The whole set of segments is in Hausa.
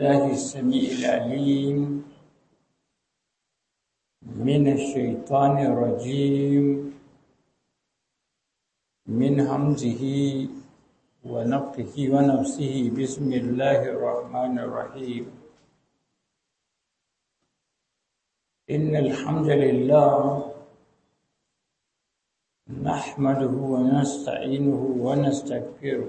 الله السميع العليم من الشيطان الرجيم من همزه ونفخه ونفسه بسم الله الرحمن الرحيم إن الحمد لله نحمده ونستعينه ونستغفره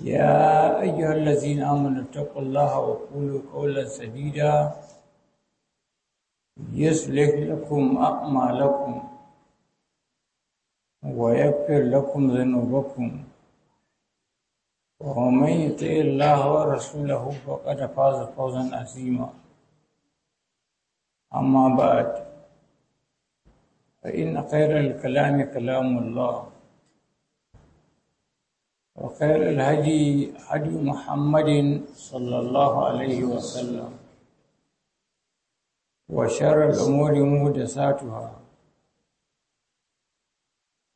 يا أيها الذين آمنوا اتقوا الله وقولوا قولا سديدا يصلح لكم أعمالكم ويغفر لكم ذنوبكم ومن يطع الله ورسوله فقد فاز فوزا عظيما أما بعد فإن خير الكلام كلام الله وخير الهدي هدي محمد صلى الله عليه وسلم وشر الأمور مهدساتها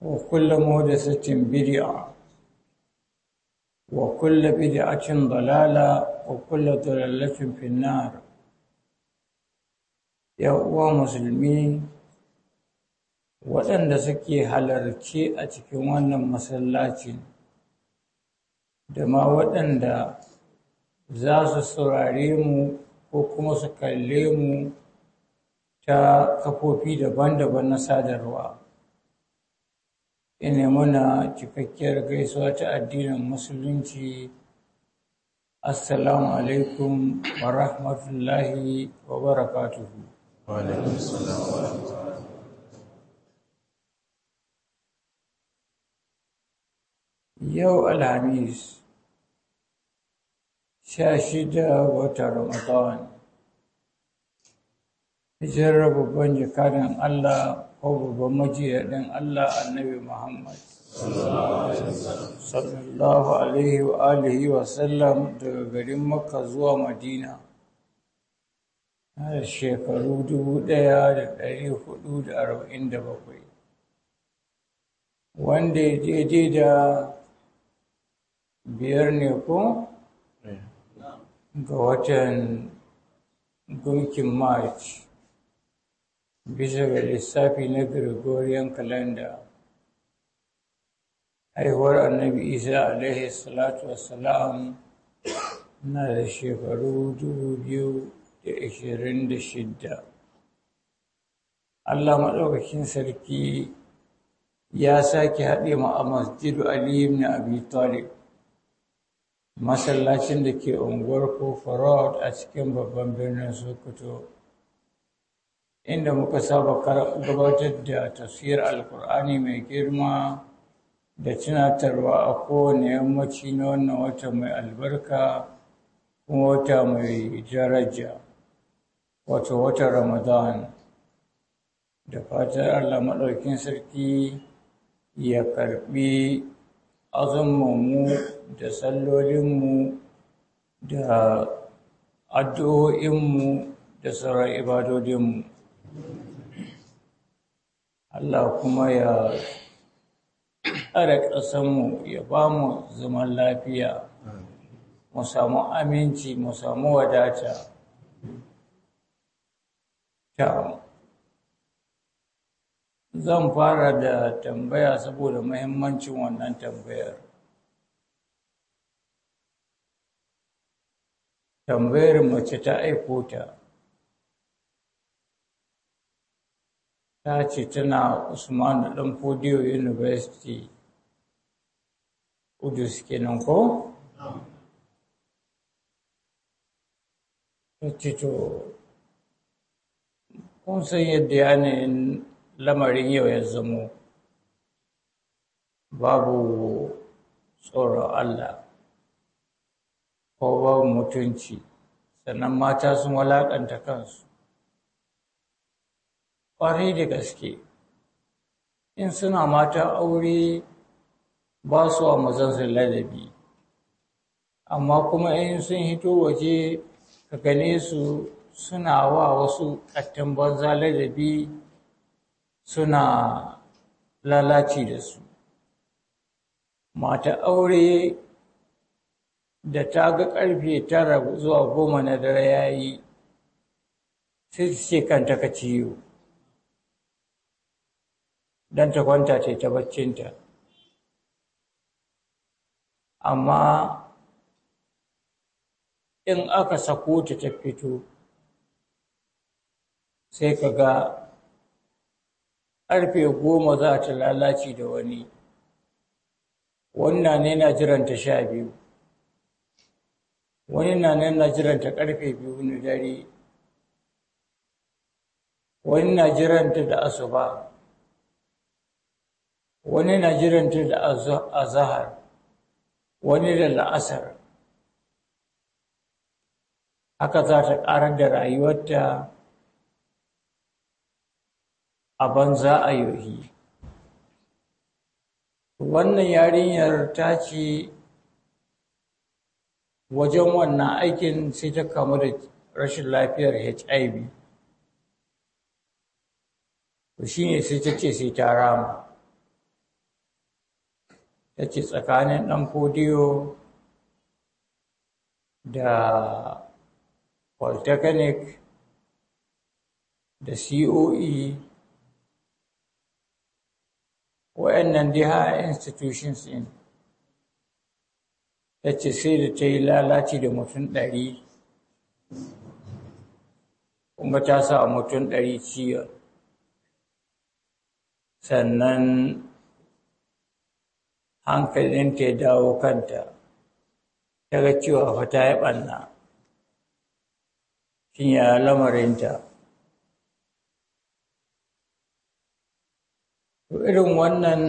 وكل مهدسة بدعة وكل بدعة ضلالة وكل ضلالة في النار يا أخوة مسلمين waɗanda suke halarci a cikin wannan masallacin da ma waɗanda za su saurare mu ko kuma su kalle mu ta kafofi daban-daban na sadarwa. Ina muna cikakkiyar gaisuwa ta addinin Musulunci, Assalamu alaikum wa rahmatullahi wa barakatuhu. Wa alaikum yau Alhamis sha shida watan Ramadan hijirar babban jikadan Allah ko babban majiyaɗin Allah annabi Muhammad sallallahu alaihi wa wa sallam daga garin Makka zuwa Madina na shekaru dubu ɗaya da ɗari hudu da arba'in da bakwai wanda ya daidai da Biyarne ga watan gunkin Maj, bisa ga lissafi na Gregorian kalanda. Haihuwar Annabi Isa alaihi salatu wassalam na da shekaru dubu biyu da ashirin da shidda. Allah maɗaukakin sarki ya sake haɗe mu a masjidu Ali ibn Talib masallacin da ke unguwar Kofa Road a cikin babban birnin Sokoto, inda muka saba gabatar da tafsir alkur'ani mai girma da tunatarwa a kowane yammaci na wannan wata mai albarka kuma wata mai daraja, wato watan Ramadan. Da fatan Allah maɗaukin sarki ya karɓi mu, da sallolinmu da addu'o'inmu da sauran ibadodinmu. Allah kuma ya tsare ƙasanmu ya ba mu zaman lafiya, mu samu aminci, mu samu wadata. Ciao. Zan fara da tambaya saboda mahimmancin wannan tambayar. Tambayar mace ta aiko ta. Ta ce tana Usman ɗan fodiyo University, suke kenan ko? Ta ce to, kun san yadda yanayin lamarin yau ya zamo babu tsoron Allah ko babu mutunci sannan mata sun walaƙanta kansu ƙwarai da gaske in suna mata aure ba su wa mazansu ladabi amma kuma in sun hito waje ka gane su suna wa wasu ƙattan banza ladabi suna lalaci da su mata aure da ta ga ƙarfe tara zuwa goma na dare ya yi sai su ce kanta ka ciyo don ta kwanta ta ta baccinta amma in aka sako ta ta fito sai ka ga ƙarfe goma za ta lalace da wani wannan ne na jiranta sha biyu wani na nan na jiranta ƙarfe biyu na dare wani na jiranta da asuba wani na jiranta da azahar wani da la'asar haka za ta ƙarar da rayuwarta a banza a yohi wannan yarinyar ta ce wajen wannan aikin sai ta kamu da rashin lafiyar hiv shi ne sai ta ce sai ta rama ta ce tsakanin ɗan kodiyo, da polytechnic da coe wa'annan dai ha institutions in ta ce sai da ta yi lalaci da mutum ɗari kuma ta sa mutum ɗari ciyar. sannan hankalinta ya dawo kanta ta ga cewa fata ya ɓanna shi ya lamarinta irin wannan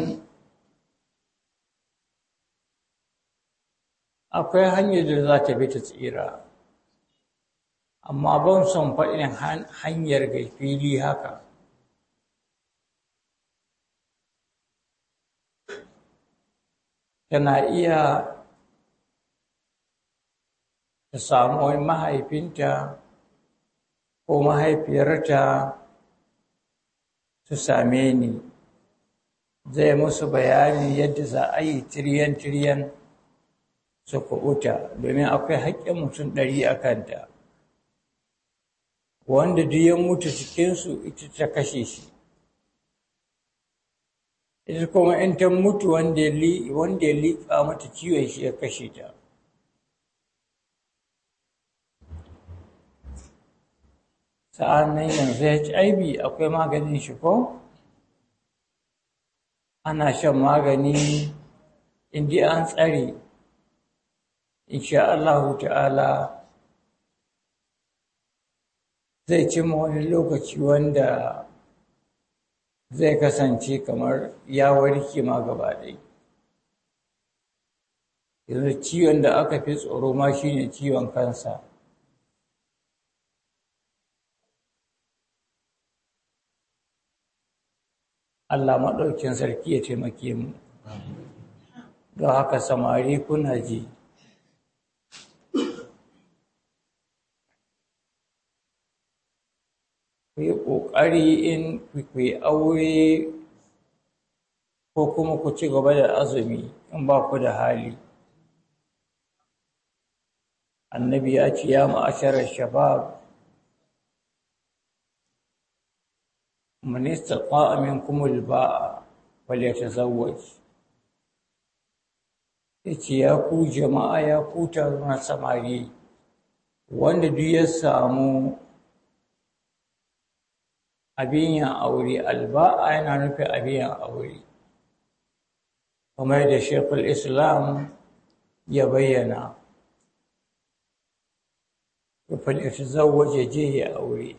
akwai hanyar da za ta bi ta tsira amma ban son faɗin hanyar ga fili haka tana iya ta samu wani mahaifinta ko mahaifiyarta ta same ni zai musu bayani yadda za a yi tiriyan-tiriyan su kubuta domin akwai haƙƙin mutum ɗari a kanta wanda duyan mutu cikinsu ita ta kashe shi ita kuma in ta mutu wanda ya liƙa mata ciwon shi ya kashe ta sa'an nan yanzu hiv akwai maganin shi ko? ana shan magani indai an tsare insha Allahu ta'ala zai ma wani lokaci wanda zai kasance kamar ya warke ma gaba ɗai yanzu ciwon da aka fi tsoro ma shine ciwon kansa Allah maɗaukin sarki ya taimake mu don haka samari kuna ji ku ƙoƙari in ku yi aure ko kuma ku ci gaba da azumi in ba ku da hali annabi ya ce ya ma'ashirar shabab من استطاع منكم الباء وليتزوج اتياكو جماعة ياكو تارونا سماري وان دو يسامو أبين يا أولي الباء أين نفي أبين يا أولي وما شيخ الإسلام يبينا فليتزوج جيه يا أولي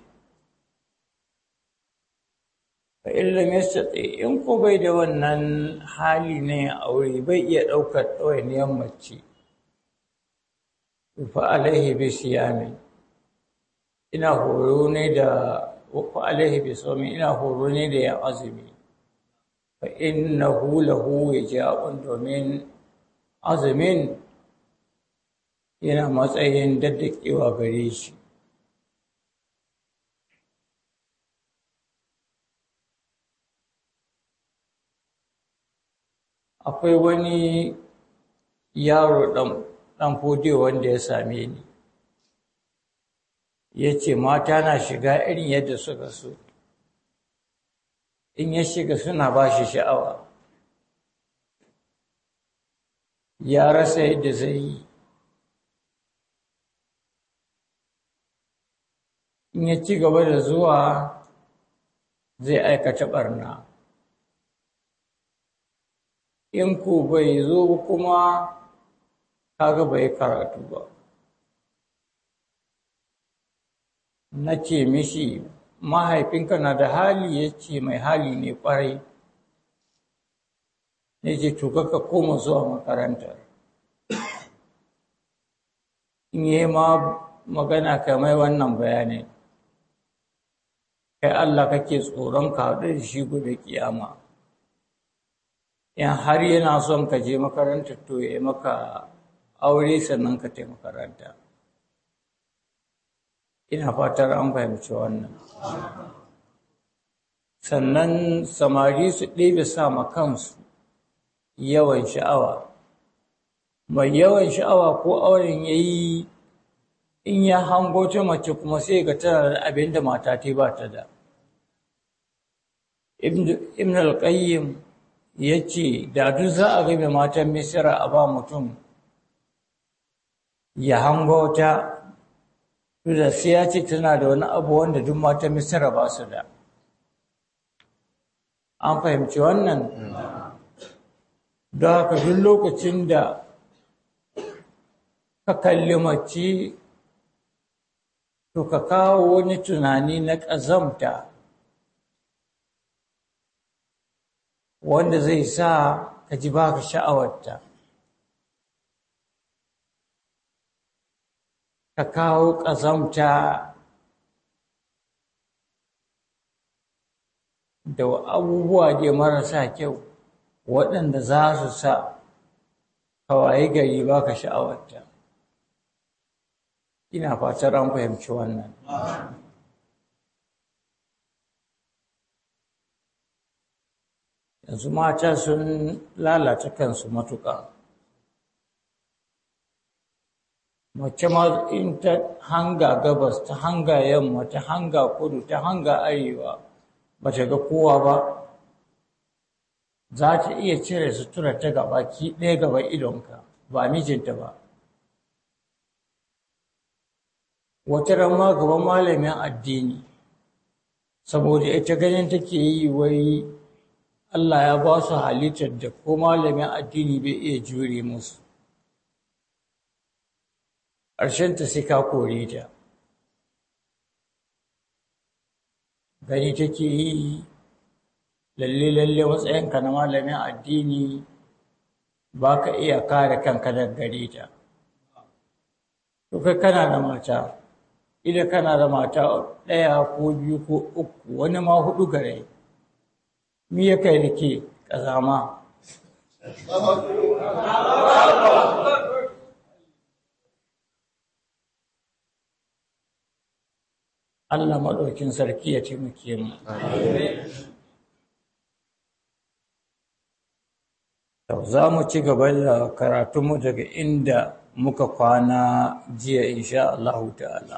fa illam in ko bai da wannan hali ne aure bai iya ɗaukar ɗawainiyar mace fa alaihi bi siyami ina horo ne da alaihi bi sawmi ina horo ne da ya azumi fa innahu lahu wija'un domin azumin yana matsayin daddakewa gare shi akwai wani yaro ɗan fodiyo wanda ya same ni ya ce mata na shiga irin yadda suka so in ya shiga suna ba shi sha'awa ya rasa yadda zai yi in ya ci gaba da zuwa zai aikata ɓarna. in ko bai zo kuma kuma kaga bai karatu ba na ce mishi mahaifinka na da hali ya ce mai hali ne kwarai ne ce tuka ka koma zuwa makaranta in yi ma magana ka mai wannan bayanin kai Allah kake tsoron ka haɗu da shi gobe kiyama in har yana son ka je makaranta to ya maka aure sannan ka te makaranta ina fatar an fahimci wannan sannan samari su ɗebe sama kansu yawan sha'awa mai yawan sha'awa ko auren ya yi in ya hango ta mace kuma sai ga tana da abin da mata ta ba ta da ibn al-qayyim ya ce da duk za a rabe matan misira a ba mutum ya hango ta da sai ya ce tana da wani abu wanda duk matan misira ba su da an fahimci wannan Da haka duk lokacin da ka kalli to ka kawo wani tunani na ƙazamta wanda zai sa ka ji ba ka sha'awarta ka kawo ƙazamta da abubuwa ne marasa kyau waɗanda za su sa kawai gari ba ka sha'awarta ina fatar an fahimci wannan yanzu mata sun lalata kansu matuƙa mace ma in ta hanga gabas ta hanga yamma ta hanga kudu ta hanga arewa ba ta ga kowa ba za ta iya cire sutura ta gaba ki ɗaya gaba idonka ba mijinta ba wata rama gaba malamin addini saboda ita ganin take yi wai Allah ya ba su halittar da ko malamin addini bai iya jure musu. ta sai ka kore ta. Gani take yi lalle-lalle matsayinka na malamin addini ba ka iya kare kanka daga gare ta. To kana da mata, idan kana da mata ɗaya ko biyu ko uku wani ma hudu gare. mi ya kai nake ƙazama Allah maɗaukin sarki ya muke mu. Za mu ci gaba da karatunmu daga inda muka kwana jiya insha Allah ta'ala.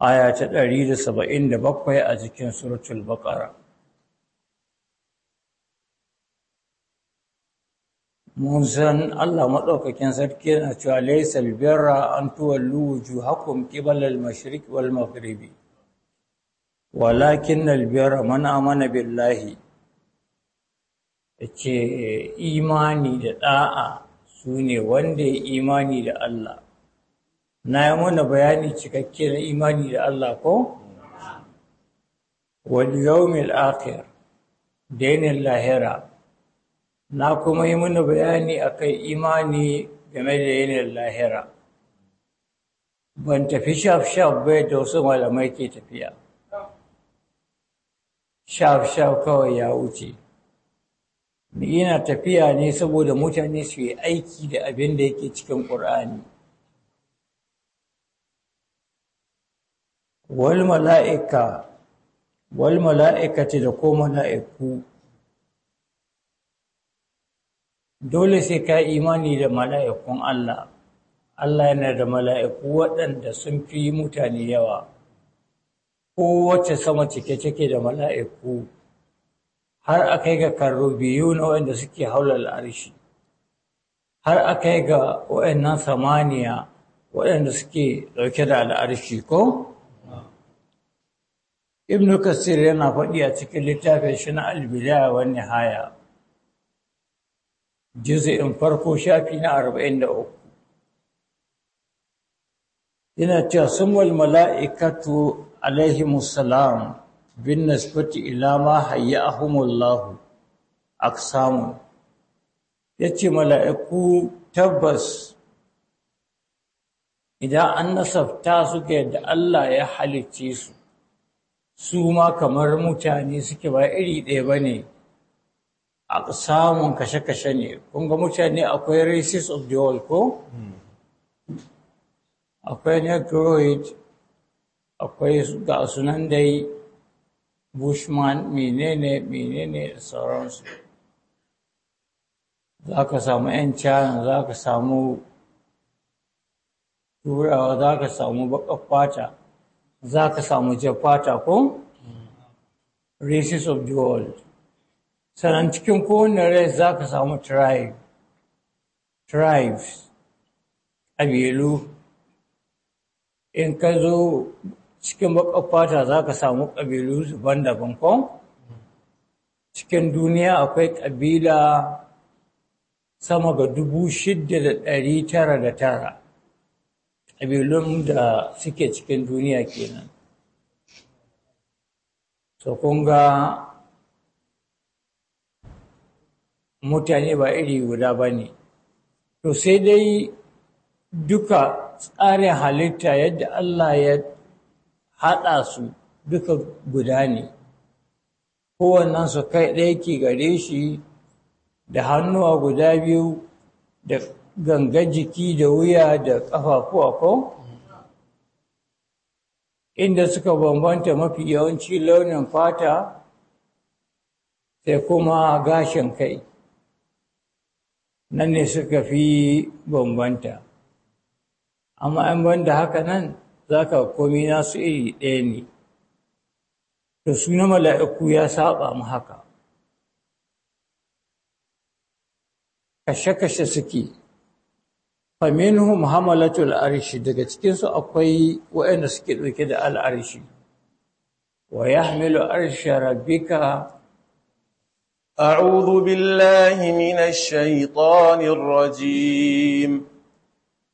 Aya ta 177 a cikin suratul Baqara. mun san Allah maɗaukakin sarki yana cewa laisal birra an tuwa wujuhakum qibala al-mashriq wal maghribi walakin al mana man amana billahi ke imani da su sune wanda ya imani da Allah na yi mana bayani cikakke na imani da Allah ko wal yawmil akhir dainin lahira na kuma yi mana bayani akan imani game da yanayin lahira ban tafi shaf-shaf bai da wasu malamai ke tafiya shaf-shaf kawai ya wuce yana tafiya ne saboda mutane su yi aiki da abin da yake cikin ƙur'ani wal mala'ika wal mala'ikati da ko mala'iku dole sai ka imani da mala'ikun Allah. Allah yana da mala'iku waɗanda sun fi mutane yawa, kowace sama cike-cike da mala'iku har akai ga karro biyu na waɗanda suke haular arshi, har akai ga waɗannan samaniya waɗanda suke ɗauke da al'arshi ko? Ibn Kasir yana faɗi a cikin littafin shi na albiliya wani haya. juz'in farko shafi na 43 yana cewa sumul mala'ikatu alaihimus salam bin nisbati ila ma hayyahumullahu aksamu yace mala'iku tabbas idan an nasabta su Allah ya halicce su su ma kamar mutane suke ba iri ɗaya bane A samun kashe-kashe ne Kunga mutane akwai races of the world ko akwai negroid akwai ga sunan dai bushman menene menene da sauransu za ka samu 'yan china za ka samu turawa za ka samu bakar fata za ka samu jafata ko races of the world sannan cikin kowane race za ka samu tribes ƙabilu in ka zo cikin maƙwabtata za ka samu ƙabilu zuban da bankon? cikin duniya akwai ƙabila sama ga dubu shidda da ɗari tara da tara ƙabilun da suke cikin duniya kenan so kun mutane ba iri guda ba ne to sai dai duka tsarin halitta yadda Allah ya haɗa su duka guda ne su kai ɗaya ke gare shi da hannuwa guda biyu da ganga jiki da wuya da ƙafafuwa ko inda suka bambanta mafi yawanci launin fata sai kuma gashin kai nan ne suka fi bambanta amma an banda haka nan za ka komi nasu iri ɗaya ne da suna mala'iku ya saba mu haka kashe-kashe suke faminhum muhammadu arshi daga cikinsu akwai wayanda suke ɗauke da al'arshi wa ya yahmilu arsha rabbika أعوذ بالله من الشيطان الرجيم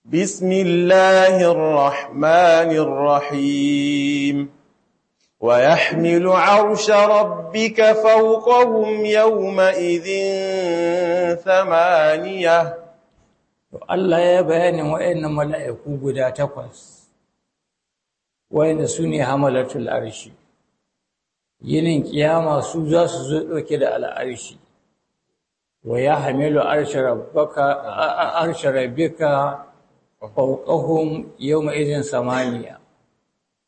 بسم الله الرحمن الرحيم ويحمل عرش ربك فوقهم يومئذ ثمانية الله يا وإن ملائكو قد تقص وإن سني حملة العرش yinin kiyama su za su zo ɗauke da al'arshi wa ya hamilu arshe rabbika ƙauƙahun yawma izin samaniya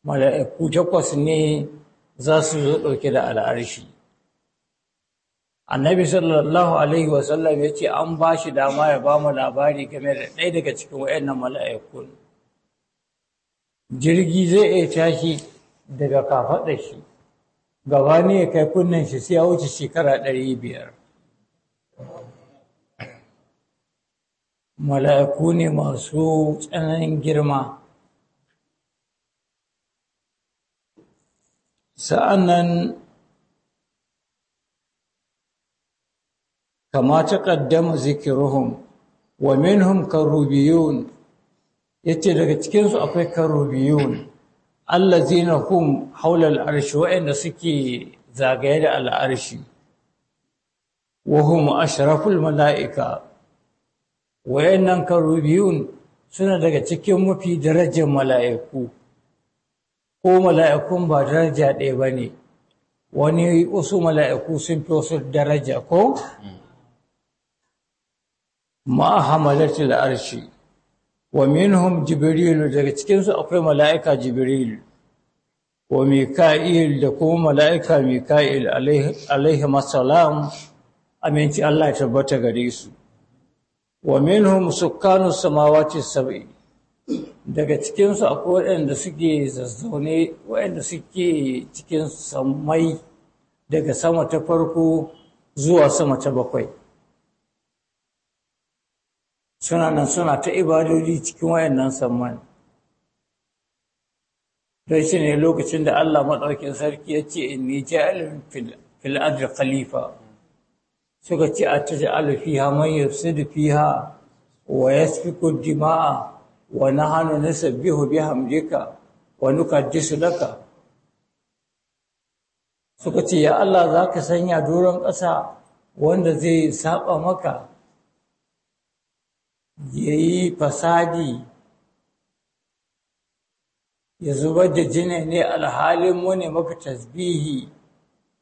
mala'iku takwas ne za su zo ɗauke da al'arshi annabi sallallahu alaihi wasallam ya ce an ba shi dama ya ba mu labari game da ɗaya daga cikin wayannan mala'ikun jirgi zai iya tashi daga kafaɗar shi gabani ya kai kunnen shi sai ya wuce shekara ɗari biyar mala'iku ne masu tsananin girma sa'an nan kama ta ƙaddama zikiruhun wa minhum karubiyun ya ce daga cikinsu akwai karubiyun Allah allazina hum haula al'arshi wa'anda suke zagaye da al'arshi wa hum ashraful mala'ika wa'annan karubiyun suna daga cikin mafi darajar mala'iku ko mala'ikun ba daraja ɗaya ba ne, wani wasu mala'iku sun fi wasu daraja ko ma'a hmm. hamalar arshi wa minhum jibrilu daga cikinsu akwai mala'ika jibrilu wa mika'il da kuma mala'ika mika'il alaihi masalam aminci Allah ya tabbata gare su wa minhum sukkanu samawati sab'i daga cikinsu akwai waɗanda suke zazzaune waɗanda suke cikin samai daga sama ta farko zuwa sama ta bakwai suna nan suna ta ibadodi cikin wayannan samman. don shi ne lokacin da Allah maɗaukin sarki ya ce in ni ja'alin fil adri khalifa suka ce a ta ja'alu fiha man yafsidu fiha wa yasfiku dima'a wa nahanu nasabbihu bihamdika wa nukaddisu laka suka ce ya Allah za ka sanya doron ƙasa wanda zai saba maka Yayi fasadi ya zubar da jini ne alhalin mu ne maka tasbihi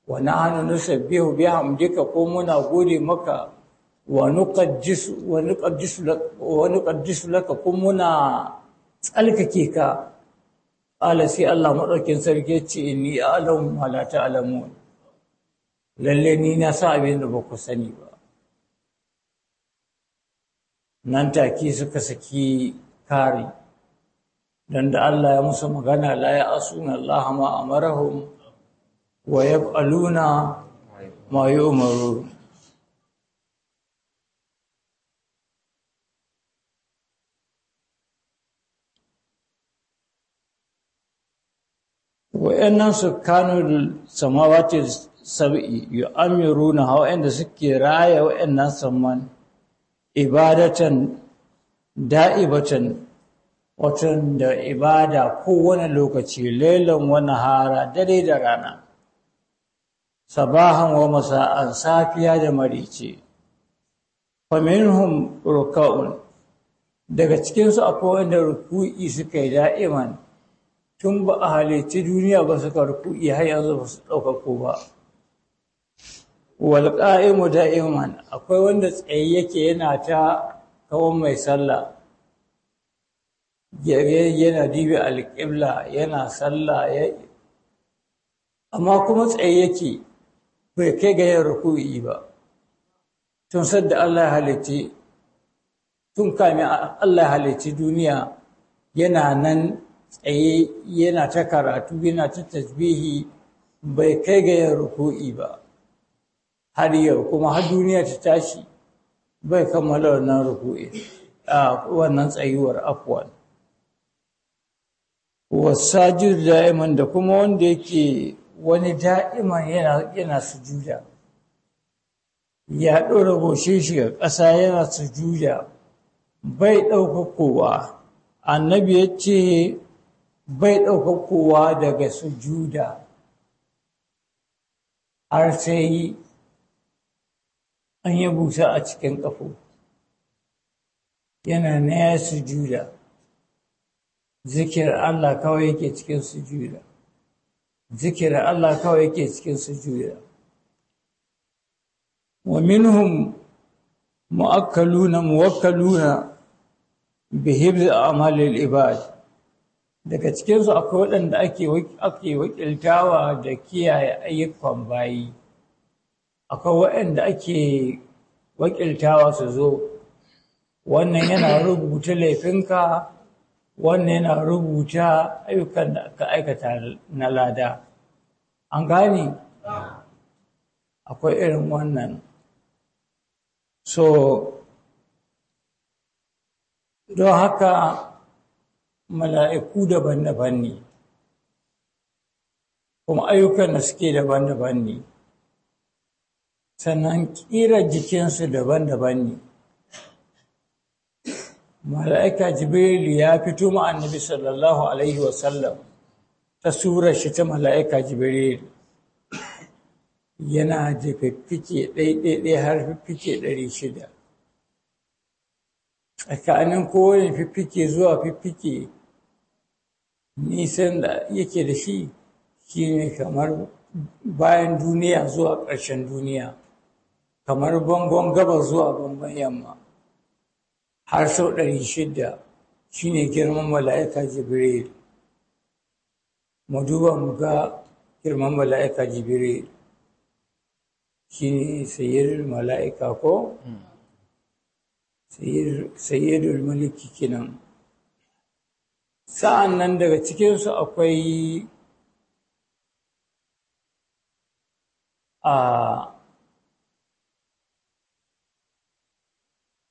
wa nahnu nusabbihu bihamdika ko muna gode maka wa nuqaddisu wa ko muna tsalkake ka ala sai Allah madaukin sarki ce ni a'lamu ma la ta'lamun lalle ni na sa abin da ba ku sani ba nan take suka saki kari don da Allah ya musu magana la ya asuna Allah ma amarahum wa yaf'aluna ma yu'maru wa'annan kanu samawati sab'i yu'amiruna hawa'anda suke raya wa'annan samman ibadatan da'ibatan watan da ibada kowane lokaci lailan wani hara dare da rana sabahan wa masa'an safiya da marice faminhum ruka'un daga cikinsu akwai wanda ruku'i suka yi da'iman tun ba a halicci duniya ba suka ruku'i har yanzu ba su ɗaukako ba wal qa'imu da'iman akwai wanda tsaye yake yana ta kawon mai sallah yana dibi alƙibla yana sallah amma kuma tsaye yake bai kai ga yin ruku'i ba tun sadda Allah halitti tun kami Allah halitti duniya yana nan tsaye yana ta karatu yana ta tasbihi bai kai ga yin ruku'i ba har yau kuma har duniya ta tashi bai kammala wannan ruku'i a wannan tsayuwar afwan wasajid da'iman da kuma wanda yake wani da'iman yana yana sujuda ya ɗora goshe shi ga ƙasa yana sujuda bai ɗaukakowa annabi ya ce bai ɗaukakowa daga sujuda har sai an yi busa a cikin ƙafo yana na ya sujuda zikir Allah kawai yake cikin sujuda zikir Allah kawai yake cikin sujuda wa minhum mu'akkaluna muwakkaluna bi hibz a'malil ibad daga cikin su akwai waɗanda ake ake wakiltawa da kiyaye ayyukan bayi akwai waɗanda ake wakiltawa su zo wannan yana rubuta laifinka wannan yana rubuta ayyukan da aka aikata na lada an gane akwai irin wannan so don haka mala'iku daban-daban ne kuma ayyukan da suke daban-daban ne sannan ƙirar jikinsu daban-daban ne mala'ika jibrilu ya fito ma annabi sallallahu alaihi wasallam ta surar shi ta mala'ika jibrilu yana da fiffike ɗaiɗaiɗai har fiffike ɗari shida tsakanin kowane fiffike zuwa fiffike nisan da yake da shi shi ne kamar bayan duniya zuwa ƙarshen duniya kamar bangon gaba zuwa bangon yamma har sau ɗari shida shi ne girman mala'ika jibril mu duba mu ga girman mala'ika jibril shi ne sayyidul mala'ika ko hmm. sayyidul mulki kinan sa'an nan daga cikinsu akwai a ah,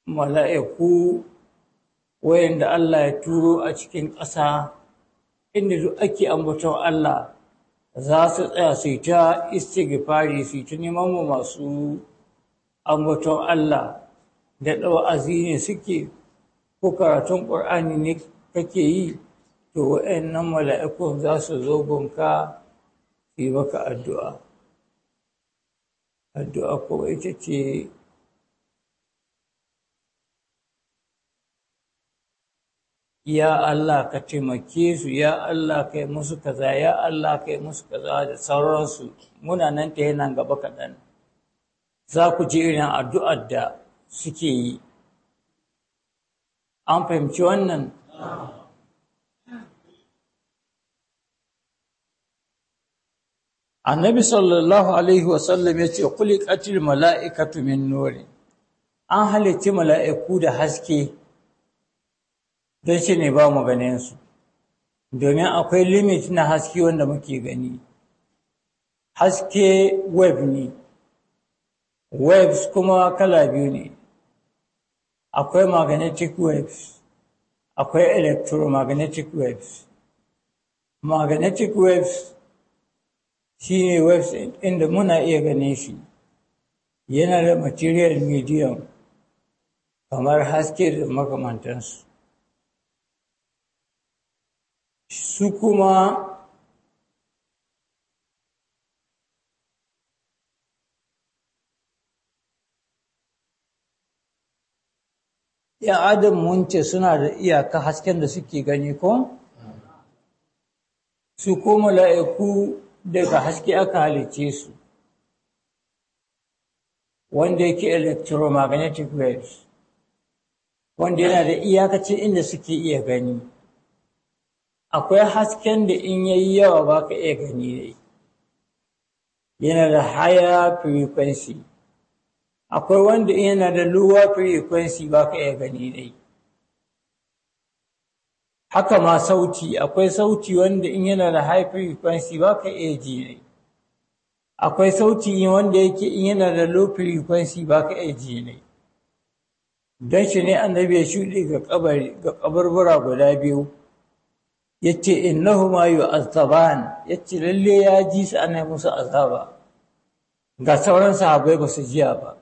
mala'iku da Allah ya turo a cikin ƙasa inda duk ake ambaton Allah za su tsaya su yi ta istighfari su yi ta neman masu ambaton Allah da ɗawa'azi ne suke ko karatun ƙur'ani ne kake yi to wayannan mala'ikun za su zo gunka yi maka addu'a addu'a kuma ita ce ya Allah ka taimake su ya Allah ka kai musu kaza ya Allah ka kai musu kaza da sauransu muna nan ta yi nan gaba kaɗan za ku ji irin addu'ar da suke yi an fahimci wannan annabi sallallahu alaihi wasallam ya ce kulikatil mala'ikatu min nori. an halitti mala'iku da haske don shi ne ba mu ganinsu domin akwai limit na haske wanda muke gani haske web ne waves kuma kala biyu ne akwai magnetic waves akwai electromagnetic waves magnetic waves shi ne waves inda muna iya ganin shi yana da material medium kamar haske da makamantansu su kuma ya adam munce suna da iyaka hasken da suke gani ko su kuma la'iku daga haske aka halice su wanda yake electromagnetic waves wanda yana da iyakacin inda suke iya gani akwai hasken da in yayi yawa ba ka iya gani ne yana da higher frequency akwai wanda yana da lower frequency ba ka iya gani ne haka ma sauti akwai sauti wanda in yana da high frequency ba ka iya ji ne akwai sauti wanda yake in yana da low frequency ba ka iya ji ne don shi ne annabi ya shuɗe ga kabarbura guda biyu yace innahuma yu'azzaban yace lalle ya ji su ana musu azaba ga sauran sahabbai ba su jiya ba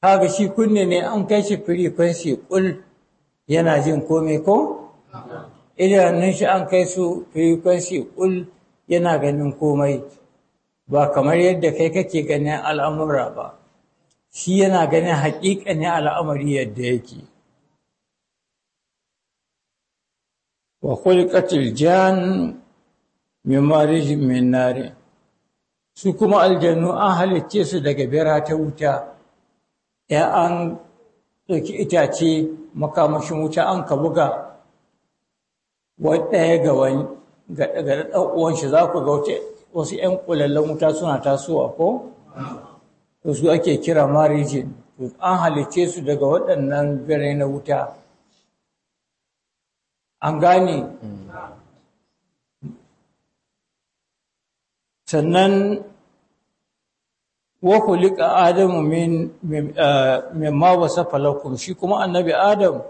kaga shi kunne ne an kai shi frequency kul yana jin komai ko idanun shi an kai su frequency kul yana ganin komai ba kamar yadda kai kake ganin al'amura ba shi yana ganin haƙiƙa ne al'amari yadda yake وخلقت الجان من مارج من نار su kuma aljannu an halicce su daga bera ta wuta ya an ɗauki itace makamashin wuta an ka buga ɗaya ga ga ɗan shi za ku ga wasu 'yan ƙulallen wuta suna tasowa ko? to ake kira marijin an halicce su daga waɗannan birai na wuta an gane sannan waku liƙa adamu min eh, ma wasa falakun shi kuma annabi adam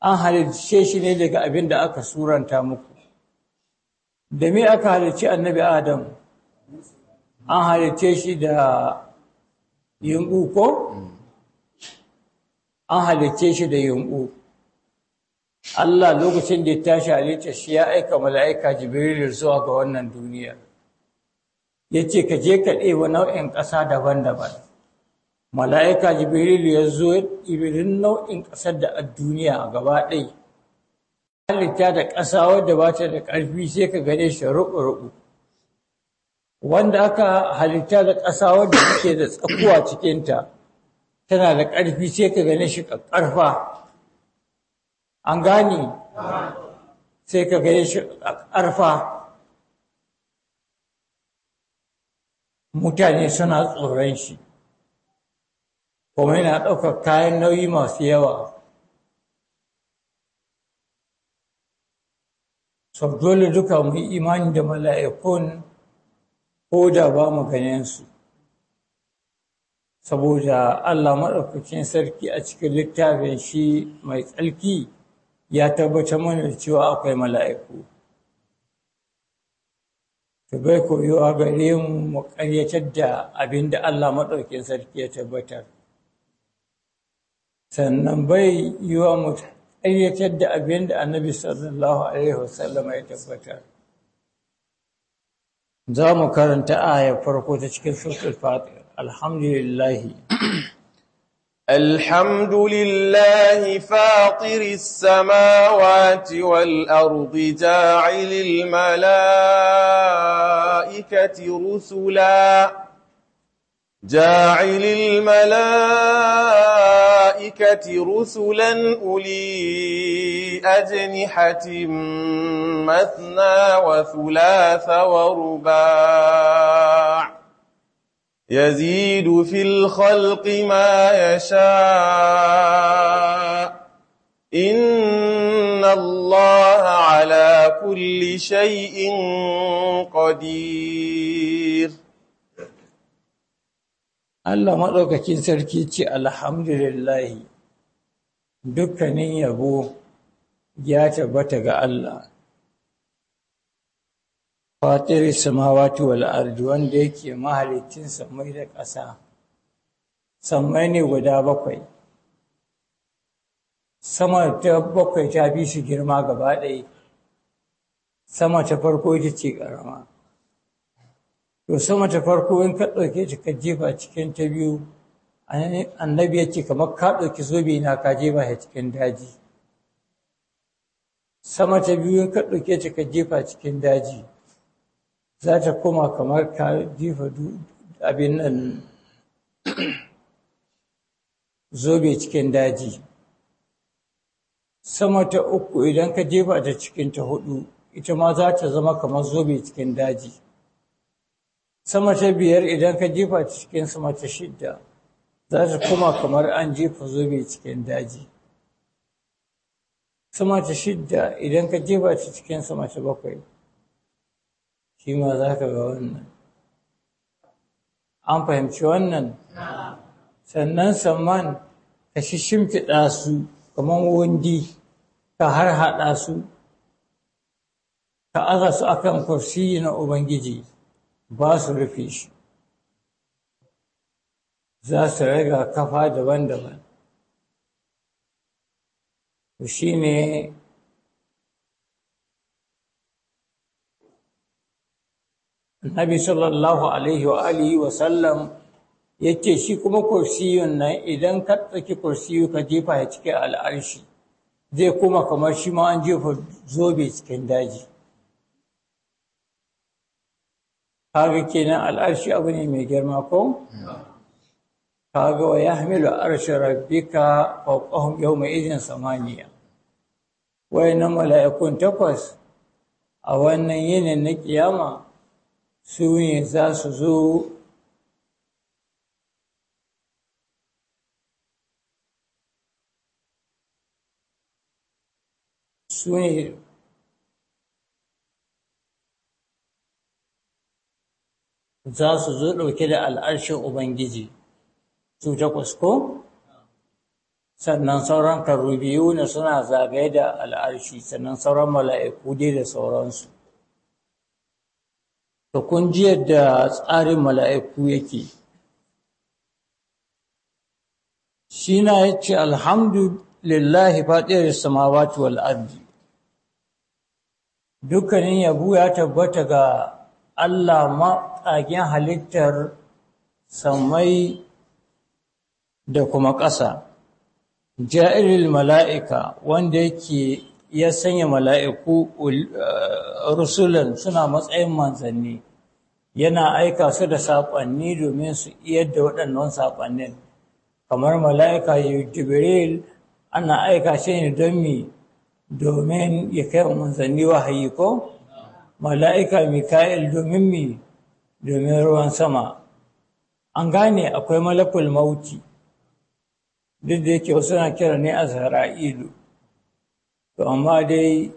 an halicce shi ne daga abin da aka suranta muku da me aka halicce annabi adam an halicce shi da yunɓu ko mm. an halicce shi da yunɓu Allah lokacin da ya tashi halitta shi ya aika mala'ika Jibril zuwa ga wannan duniya. Ya ce, Ka je ka ɗewa nau'in ƙasa daban-daban. Mala'ika Jibril ya zo ibirin nau'in ƙasar da a duniya gaba ɗai. Halitta da ƙasa wadda ba ta da ƙarfi sai ka gane shi ruɓu-ruɓu. Wanda aka halitta da ƙasa wadda take da tsakuwa cikinta, tana da ƙarfi sai ka gane shi ƙarfa. an gani sai ka ga shi arfa mutane suna tsoron shi kuma yana ɗaukar kayan nauyi masu yawa sau dole duka mu yi imani da mala'ikun ko da ba mu su. saboda Allah maɗaukakin sarki a cikin littafin shi mai tsarki ya tabbata mana cewa akwai mala'iku to bai a gare mu mu ƙaryatar da abin da Allah maɗaukin sarki ya tabbatar sannan bai wa mu ƙaryatar da abin da annabi sallallahu alaihi wasallam ya tabbatar za mu karanta aya farko ta cikin suratul fatir alhamdulillahi الحمد لله فاطر السماوات والأرض جاعل الملائكة رسلا جاعل الملائكة رسلا أولي أجنحة مثنى وثلاث ورباع يزيد في الخلق ما يشاء إن الله على كل شيء قدير Allah maɗaukakin sarki ce alhamdulillahi dukkanin yabo ya tabbata ga Allah fatiris samawati wal ardu wanda yake mahalicin samai da ƙasa Samai ne guda bakwai sama ta bakwai ta bi su girma gaba ɗaya sama ta farko ita ce ƙarama to sama ta farko in ka ɗauke ta ka jefa cikin ta biyu annabi ya ce kamar ka ɗauki zobe na ka jefa ta cikin daji sama ta biyu in ka ɗauke ta ka jefa cikin daji za ta koma kamar ka jifa abin nan zobe cikin daji sama ta uku idan ka jefa ta cikin ta hudu ita ma za ta zama kamar zobe cikin daji sama ta biyar idan ka jefa ta cikin sama ta shidda za ta koma kamar an jefa zobe cikin daji sama ta shidda idan ka jefa ta cikin sama ta bakwai shi ma za ka ga wannan an fahimci wannan sannan saman ka shimfiɗa su kamar wundi ka har haɗa su ka aza su akan kursi na ubangiji ba su rufe shi za su raga kafa daban-daban shi ne Nabi sallallahu Alaihi wa alihi wasallam ya ce shi kuma kursiyun nan idan ka tsaki kursiyu ka jefa ya cikin al'arshi zai kuma kamar shi ma an jefa zobe cikin daji. Kaga kenan al'arshi abu ne mai girma ko? Kaga wa ya hamilu arshi rabbika yau mai izin samaniya. Wai na mala'ikun takwas a wannan yinin na ƙiyama. Suvnje za su zo su ne za su zo ɗauke da al'arshin Ubangiji, su takwas ko? Sannan sauran karubiyu na suna zagaye da al'arshi, sannan sauran mala'iku dai da sauransu. Da kun da tsarin mala'iku yake shi na ya ce alhamdulillahi faɗiyar samawatu wal ardi dukkanin yabo ya tabbata ga Allah maƙagen halittar samai da kuma ƙasa ja'iril mala'ika wanda yake ya sanya mala'iku eh, rusulan suna matsayin manzanni yana aika su da saƙonni domin su iyar da waɗannan saƙonnin kamar mala'ika jibril ana aika shi ne don mi domin ya kai wa manzanni wahayi ko mala'ika mika'il domin mi domin ruwan sama an gane akwai malakul mauti duk da yake wasu na kira ne a zara'ilu to amma dai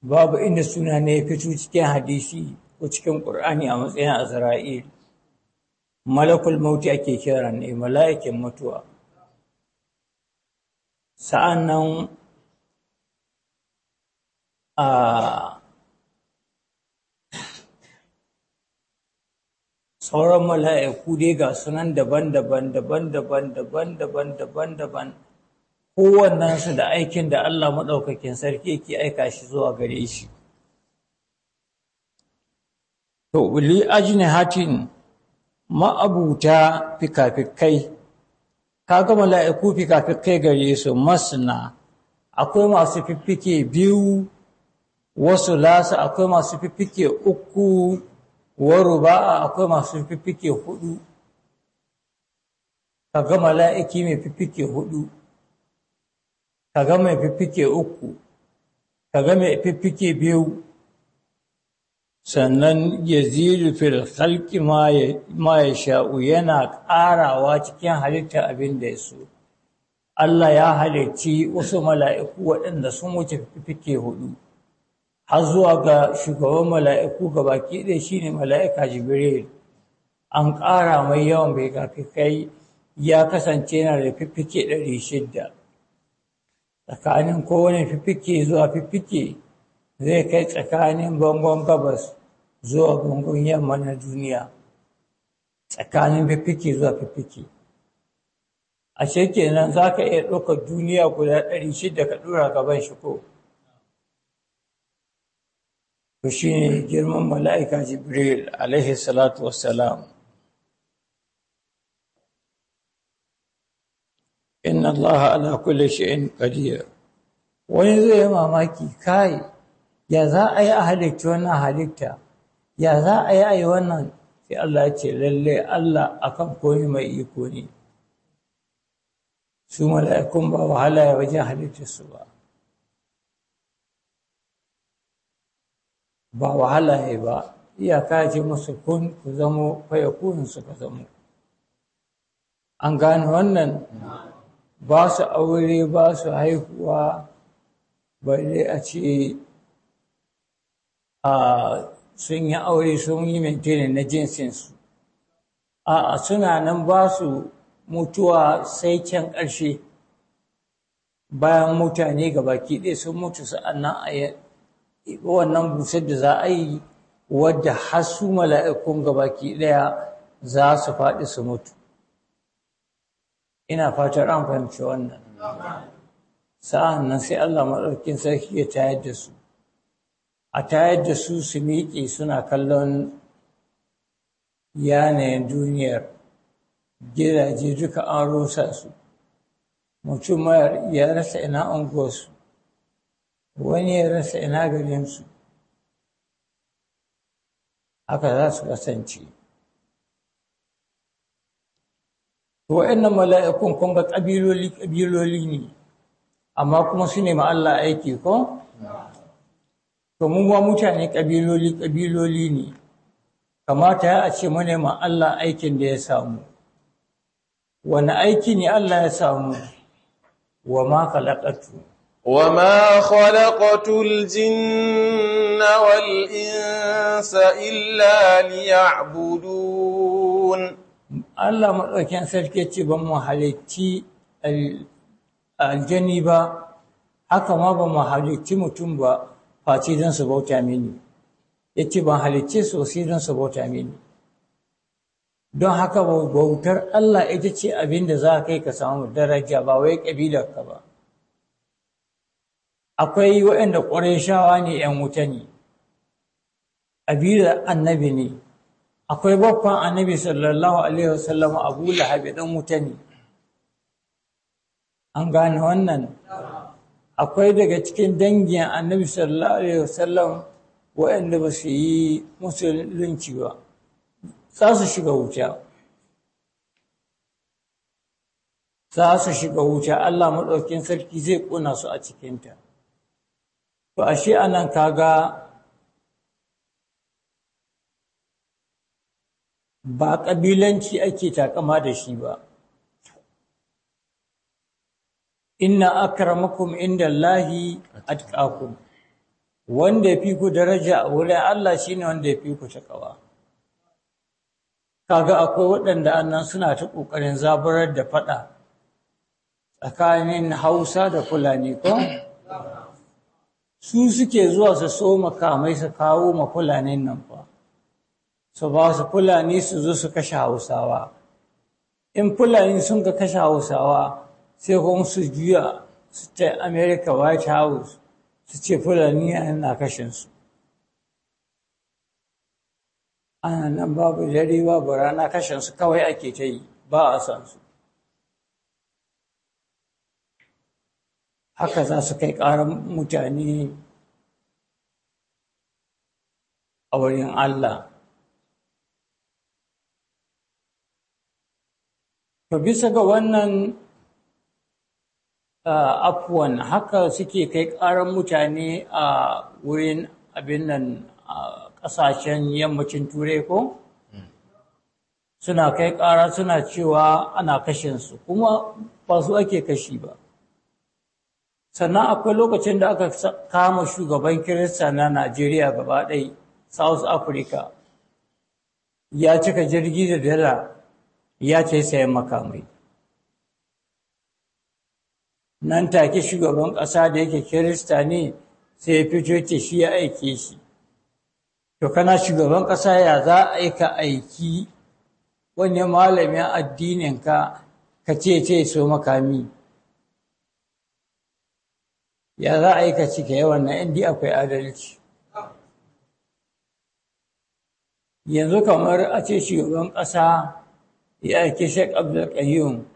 babu inda suna ne ya fito cikin hadisi ko cikin ƙur'ani a matsayin azra'il malakul mauti ake kira ne mala'ikin mutuwa sa'an nan a sauran mala'iku dai ga sunan daban-daban daban-daban daban-daban daban-daban kowannensu da aikin da Allah maɗaukakin sarki ke aika shi zuwa gare shi. To, li hatin ma'abuta fikafikai, kaga mala'iku fikafikai gare su masna, akwai masu fiffike biyu, wasu lasa akwai masu fiffike uku, waru ba akwai masu fiffike hudu. Kaga mala'iki mai fiffike hudu, kaga mai fiffike uku, kaga mai fiffike biyu. sannan yazidu fil khalqi ma ya sha'u yana ƙarawa cikin halitta abin da ya so Allah ya halicci wasu mala'iku waɗanda sun wuce fike hudu har zuwa ga shugaban mala'iku ga baki ɗaya shine mala'ika jibril an ƙara mai yawan bai kafi kai ya kasance yana da fiffike ɗari shidda tsakanin kowane fiffike zuwa fiffike zai kai tsakanin bangon gabas zuwa bangon yamma na duniya tsakanin fifiki zuwa fifiki a kenan za ka iya ɗaukar duniya guda ɗari shida ka ɗora gaban shi ko shi ne girman mala'ika jibril alaihi salatu wasalam. inna allaha ala kulli shay'in qadir wani zai yi mamaki kai ya za a yi a halicci wannan halitta ya za a yi a yi wannan sai Allah ce lalle Allah akan komi mai iko ne su mala'ikun ba wahala ya wajen halitta su ba ba wahala ya ba iyaka ce musu kun ku zamo faya kunin suka zamo an gane wannan ba su aure ba su haihuwa bare a ce Ah, sun yi aure sun yi maintainin na jinsinsu a ah, suna nan ba su mutuwa sai can ƙarshe bayan mutane ga ɗaya sun mutu sa'annan a wannan busar da za a yi wadda har su mala'ikun gabaki ɗaya za su faɗi su mutu ina fatar an fahimci wannan sa'an nan sai Allah maɗaukin sarki ya tayar da su a tayar da su su miƙe suna kallon yanayin duniyar gidaje duka an rusa su mutum ya rasa ina unguwarsu wani ya rasa ina garinsu haka za su kasance wa'annan mala'ikun kun ga ƙabiloli ne amma kuma su ne Allah aiki ko? to mun wa mutane ƙabiloli ƙabiloli ne kamata ya a ce mu ma Allah aikin da ya samu wani aiki ne Allah ya samu wa ma khalaqatu khalaqatul jinna wal insa illa liya'budun Allah madaukakin sarki ce ban mu halitti aljani ba haka ma ban mu halitti mutum ba face don su bauta mini ya ce ban halicce su don su bauta mini don haka bautar Allah ita ce abin da za kai ka samu daraja ba wai ƙabilar ka ba akwai waɗanda shawa ne ‘yan wuta ne ƙabilar annabi ne akwai babban annabi sallallahu alaihi wasallam abu lahabi ɗan wuta ne an gane wannan akwai daga cikin dangin annabi sallallahu alaihi wasallam waɗanda ba su yi musulunci ba za su shiga wuta za su shiga wuta Allah maɗaukin sarki zai ƙuna su a cikinta to ashe anan kaga ba ƙabilanci ake takama da shi ba inna akramakum indallahi atqakum wanda ya fi ku daraja wurin Allah shi ne wanda ya fi ku takawa kaga akwai waɗanda annan suna ta ƙoƙarin zaburar da faɗa. tsakanin Hausa da Fulani ko su suke zuwa su so makamai su kawo ma Fulanin nan fa su ba su Fulani su zo su kashe Hausawa in Fulani sun ka kashe Hausawa sai kuma su juya su ta america white house su ce fulani kashin kashinsu ana nan babu dare ba rana kashinsu kawai ake ta yi ba a san su haka za su kai ƙarar mutane a wurin Allah. To bisa ga wannan Uh, afwan haka suke kai ƙaran mutane a wurin abin nan a ƙasashen yammacin turai ko hmm. suna kai ƙara suna cewa ana su, kuma ba su ake kashi ba sannan akwai lokacin da aka kama shugaban kirista na najeriya gaba ɗai south africa ya cika jirgi da dala ya ce sayan makamai nan take shugaban ƙasa da yake kirista ne sai ya fito ce shi ya aike shi to kana shugaban ƙasa ya za a aika aiki wani malamin addininka ka ce ce so makami ya za a aika cika yawan na indi akwai adalci yanzu kamar a ce shugaban ƙasa ya aike shek abdul qayyum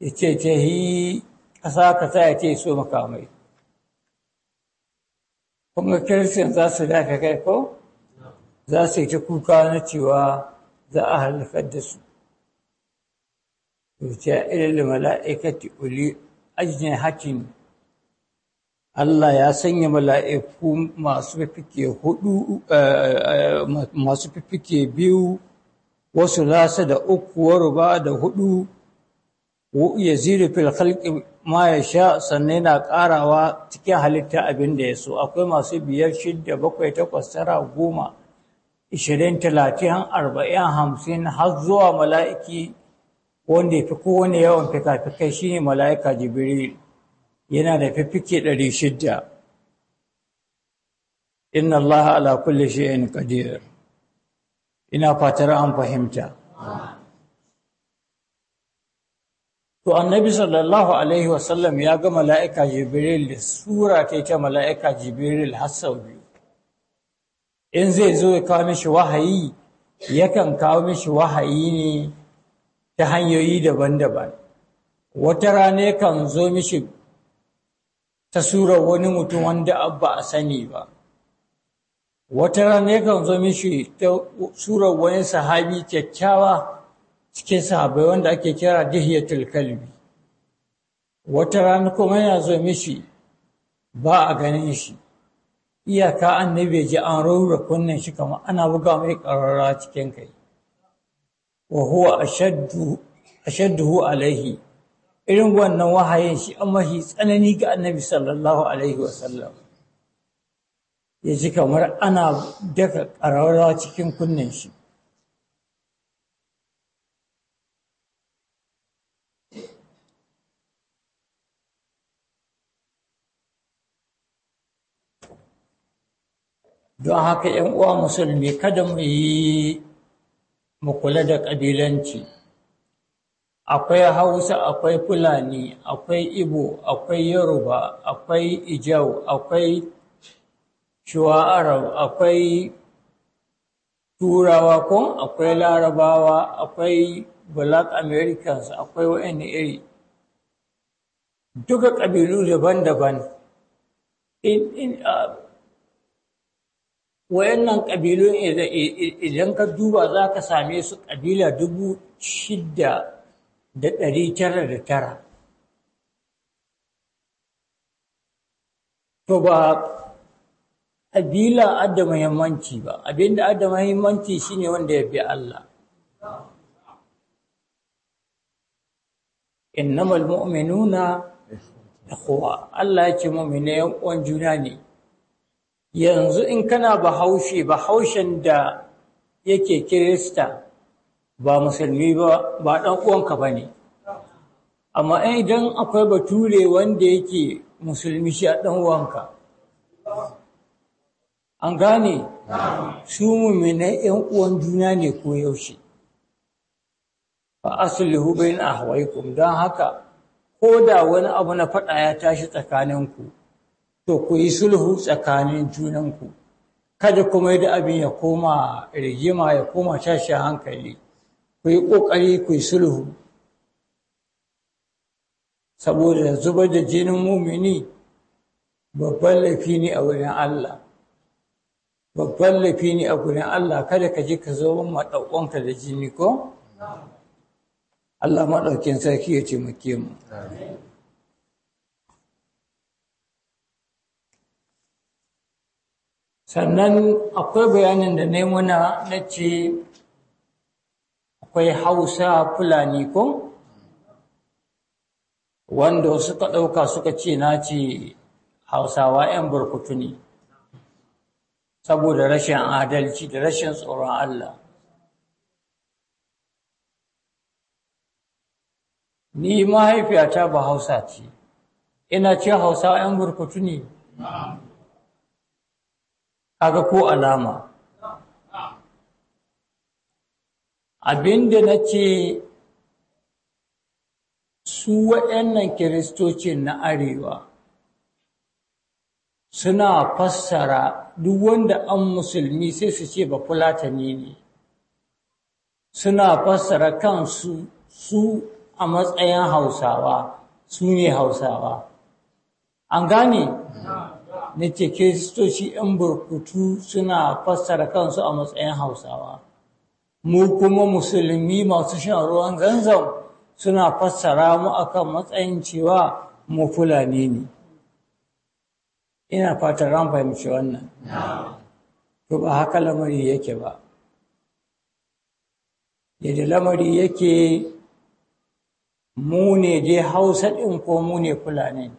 yace ce ta yi ƙasa ka ta ya ce so makamai kuma kiristiyan za su dafe kai ko za su yi kuka na cewa za a halakar da su yace ilil mala'ikati uli ajiyar hakin Allah ya sanya mala'iku masu fifike hudu eh, eh, masu fifike biyu wasu lasa da uku waruba da hudu yazidu fil khalqi ma yasha sannan yana karawa cikin halitta abin da ya so akwai masu biyar shidda bakwai takwas tara goma ishirin talatin arba'in hamsin har zuwa mala'iki wanda ya fi kowane yawan fikafikai shine mala'ika jibril yana da fifike ɗari shidda inna Allah ala kulli shi'in qadir ina fatar an fahimta To annabi sallallahu Alaihi wasallam ya ga mala'ika Jibril da sura ta ta mala'ika Jibril har sau biyu. In zai zo ya kawo mishi wahayi, yakan kawo mishi wahayi ne ta hanyoyi daban-daban. Wata rana kan zo mishi ta sura wani mutum wanda abba a sani ba. Wata rana kan zo mishi ta surar wani sahabi kyakkyawa. cikin sahabai wanda ake kira dihiyatul kalbi wata rana kuma yana zo mishi ba a ganin shi iyaka annabi ji an rura kunnen shi kamar ana buga mai karara cikin kai wa huwa ashadduhu alaihi irin wannan wahayin shi an mahi tsanani ga annabi sallallahu alaihi wasallam ya ji kamar ana daka ƙararra cikin kunnen shi don haka ‘yan uwa musulmi kada mu yi mu kula da ƙabilanci akwai hausa akwai fulani akwai ibo akwai yoruba akwai ijau akwai shuwa arab akwai turawa ko akwai larabawa akwai black americans akwai wani iri duka ƙabilu daban-daban uh, wayannan ƙabilun idan ka duba za ka same su ƙabila dubu shida da ɗari tara da tara to ba ƙabila adda muhimmanci ba abinda adda muhimmanci shine wanda ya bi Allah innamal mu'minuna ikhwa Allah ya ce mu'mine yan uwan juna ne yanzu in kana bahaushe bahaushen da yake kirista ba musulmi ba ba ɗan uwanka ba ne amma idan akwai bature wanda yake musulmi shi a ɗan uwanka an gane su mummina ‘yan uwan juna ne ko yaushe ba asulihu a ahwaikum don haka ko da wani abu na faɗa ya tashi tsakaninku to ku yi sulhu tsakanin junanku kada kuma da abin ya koma rigima ya koma tashi hankali ku yi ƙoƙari ku yi sulhu saboda zubar da jinin mumini babban laifi ne a wurin Allah babban laifi ne a wurin Allah kada ka ji ka zo maɗauƙonka da jini ko Allah maɗaukin sarki ya taimake mu. Amin. sannan akwai bayanin da na muna na ce akwai hausa fulani ko wanda suka ɗauka suka ce na ce hausawa 'yan burkutu ne saboda rashin adalci da rashin tsoron Allah ni mahaifiyata ba hausa ce ina ce hausawa 'yan burkutu ne kaga ko alama abinda na ce su waɗannan Kiristoci na arewa suna fassara duk wanda an musulmi sai su ce ba fulatani ne suna fassara kansu su a matsayin hausawa su ne hausawa an gane na ce kiristoci 'yan burkutu suna fassara kansu a matsayin hausawa mu kuma musulmi masu shan ruwan zanzan suna fassara mu akan matsayin cewa mu fulani ne ina fatan ran fahimci wannan to ba haka lamari yake ba yadda lamari yake mu ne dai hausa ɗin ko mu ne fulani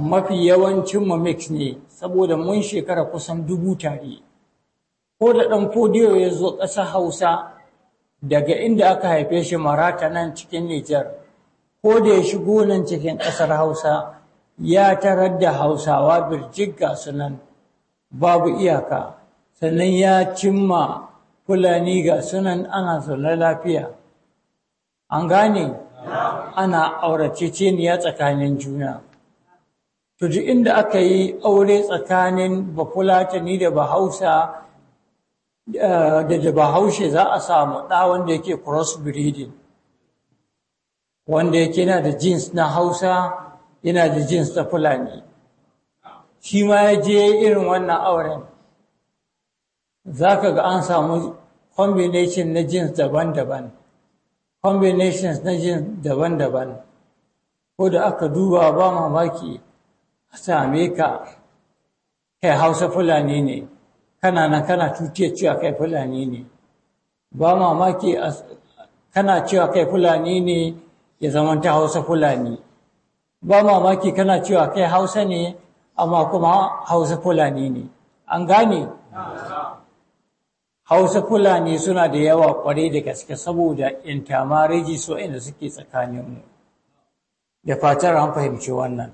mafi yawancin mix ne saboda mun shekara kusan dubu tare ko da ɗan fodiyo ya zo ƙasa hausa daga inda aka haife shi marata nan cikin nijar ko da ya shigo nan cikin ƙasar hausa ya tarar da hausawa birjigga sunan babu iyaka sannan ya cimma fulani ga sunan ana zaune lafiya an gane ana auraceceniya tsakanin juna to ji inda aka yi aure tsakanin bafulatani da bahausa da eh, da bahaushe za a samu ɗa wanda yake breeding wanda yake yana da jins na hausa yana da jins ta fulani shi ma ya je irin wannan auren za ka ga an samu combination na jins daban-daban combinations na jins daban-daban ko da aka duba ba mamaki a same ka kai hausa fulani ne kana na kana tuciya cewa kai fulani ne ba mamaki kana cewa kai fulani ne ya zama ta hausa fulani ba mamaki kana cewa kai hausa ne amma kuma hausa fulani ne an gane hausa fulani suna da yawa kwarai da gaske saboda intamaraji so inda suke tsakaninmu da fatar an fahimci wannan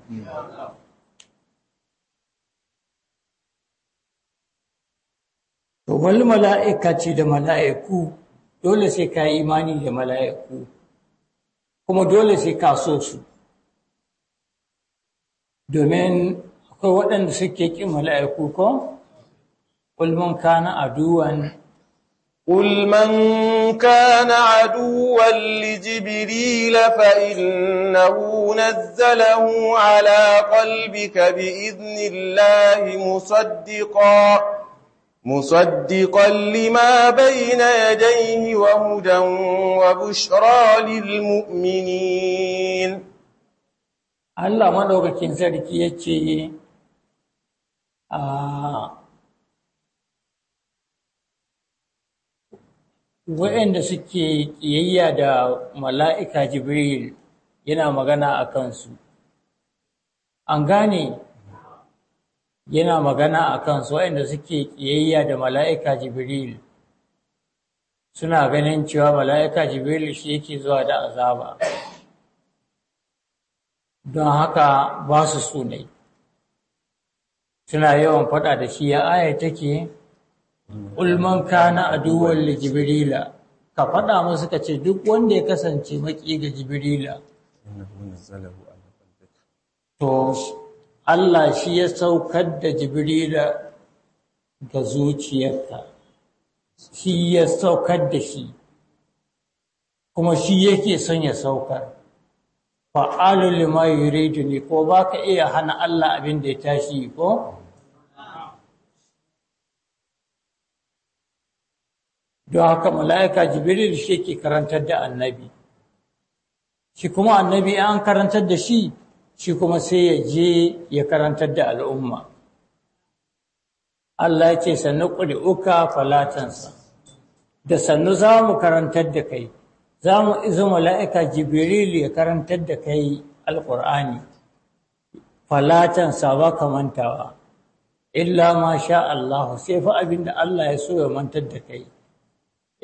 to wani mala'ika ce da mala'iku dole sai ka yi imani da mala'iku kuma dole sai ka so su domin akwai waɗanda suke ƙin mala'iku ko ulman kana aduwan قل من كان عدوا لجبريل فإنه نزله على قلبك بإذن الله مصدقاً مصدقا لما بين يديه وهدى وبشرى للمؤمنين Allah madaukakin sarki ya ce, Wa'yanda suke ƙiyayya da mala'ika Jibril yana magana a kansu, an gane yana magana a kansu waɗanda suke ƙiyayya da mala'ika Jibril suna ganin cewa mala'ika Jibril shi yake zuwa da azaba don haka ba su sunai suna yawan faɗa da shi ya aya take ulman kana aduwar da Jibrila ka faɗa masu ka ce duk wanda ya kasance maƙi ga Jibrila to Allah shi ya saukar da Jibrila ga zuciyarka, shi ya saukar da shi, kuma shi yake son ya saukar. Fa'alu lima yuridu ne, ko ba ka iya hana Allah abin da ya tashi ko? Don haka mala'ika Jibril shi ke karantar da annabi, shi kuma annabi an karantar da shi. shi kuma sai ya je ya karantar da al'umma Allah ya ce sannu ƙuri'uka falatansa da sannu za mu karantar da kai za mu izu mala'ika jibrilu ya karantar da kai alƙur'ani falatansa ba kamantawa illa ma sha Allah sai fa abin da Allah ya so ya mantar da kai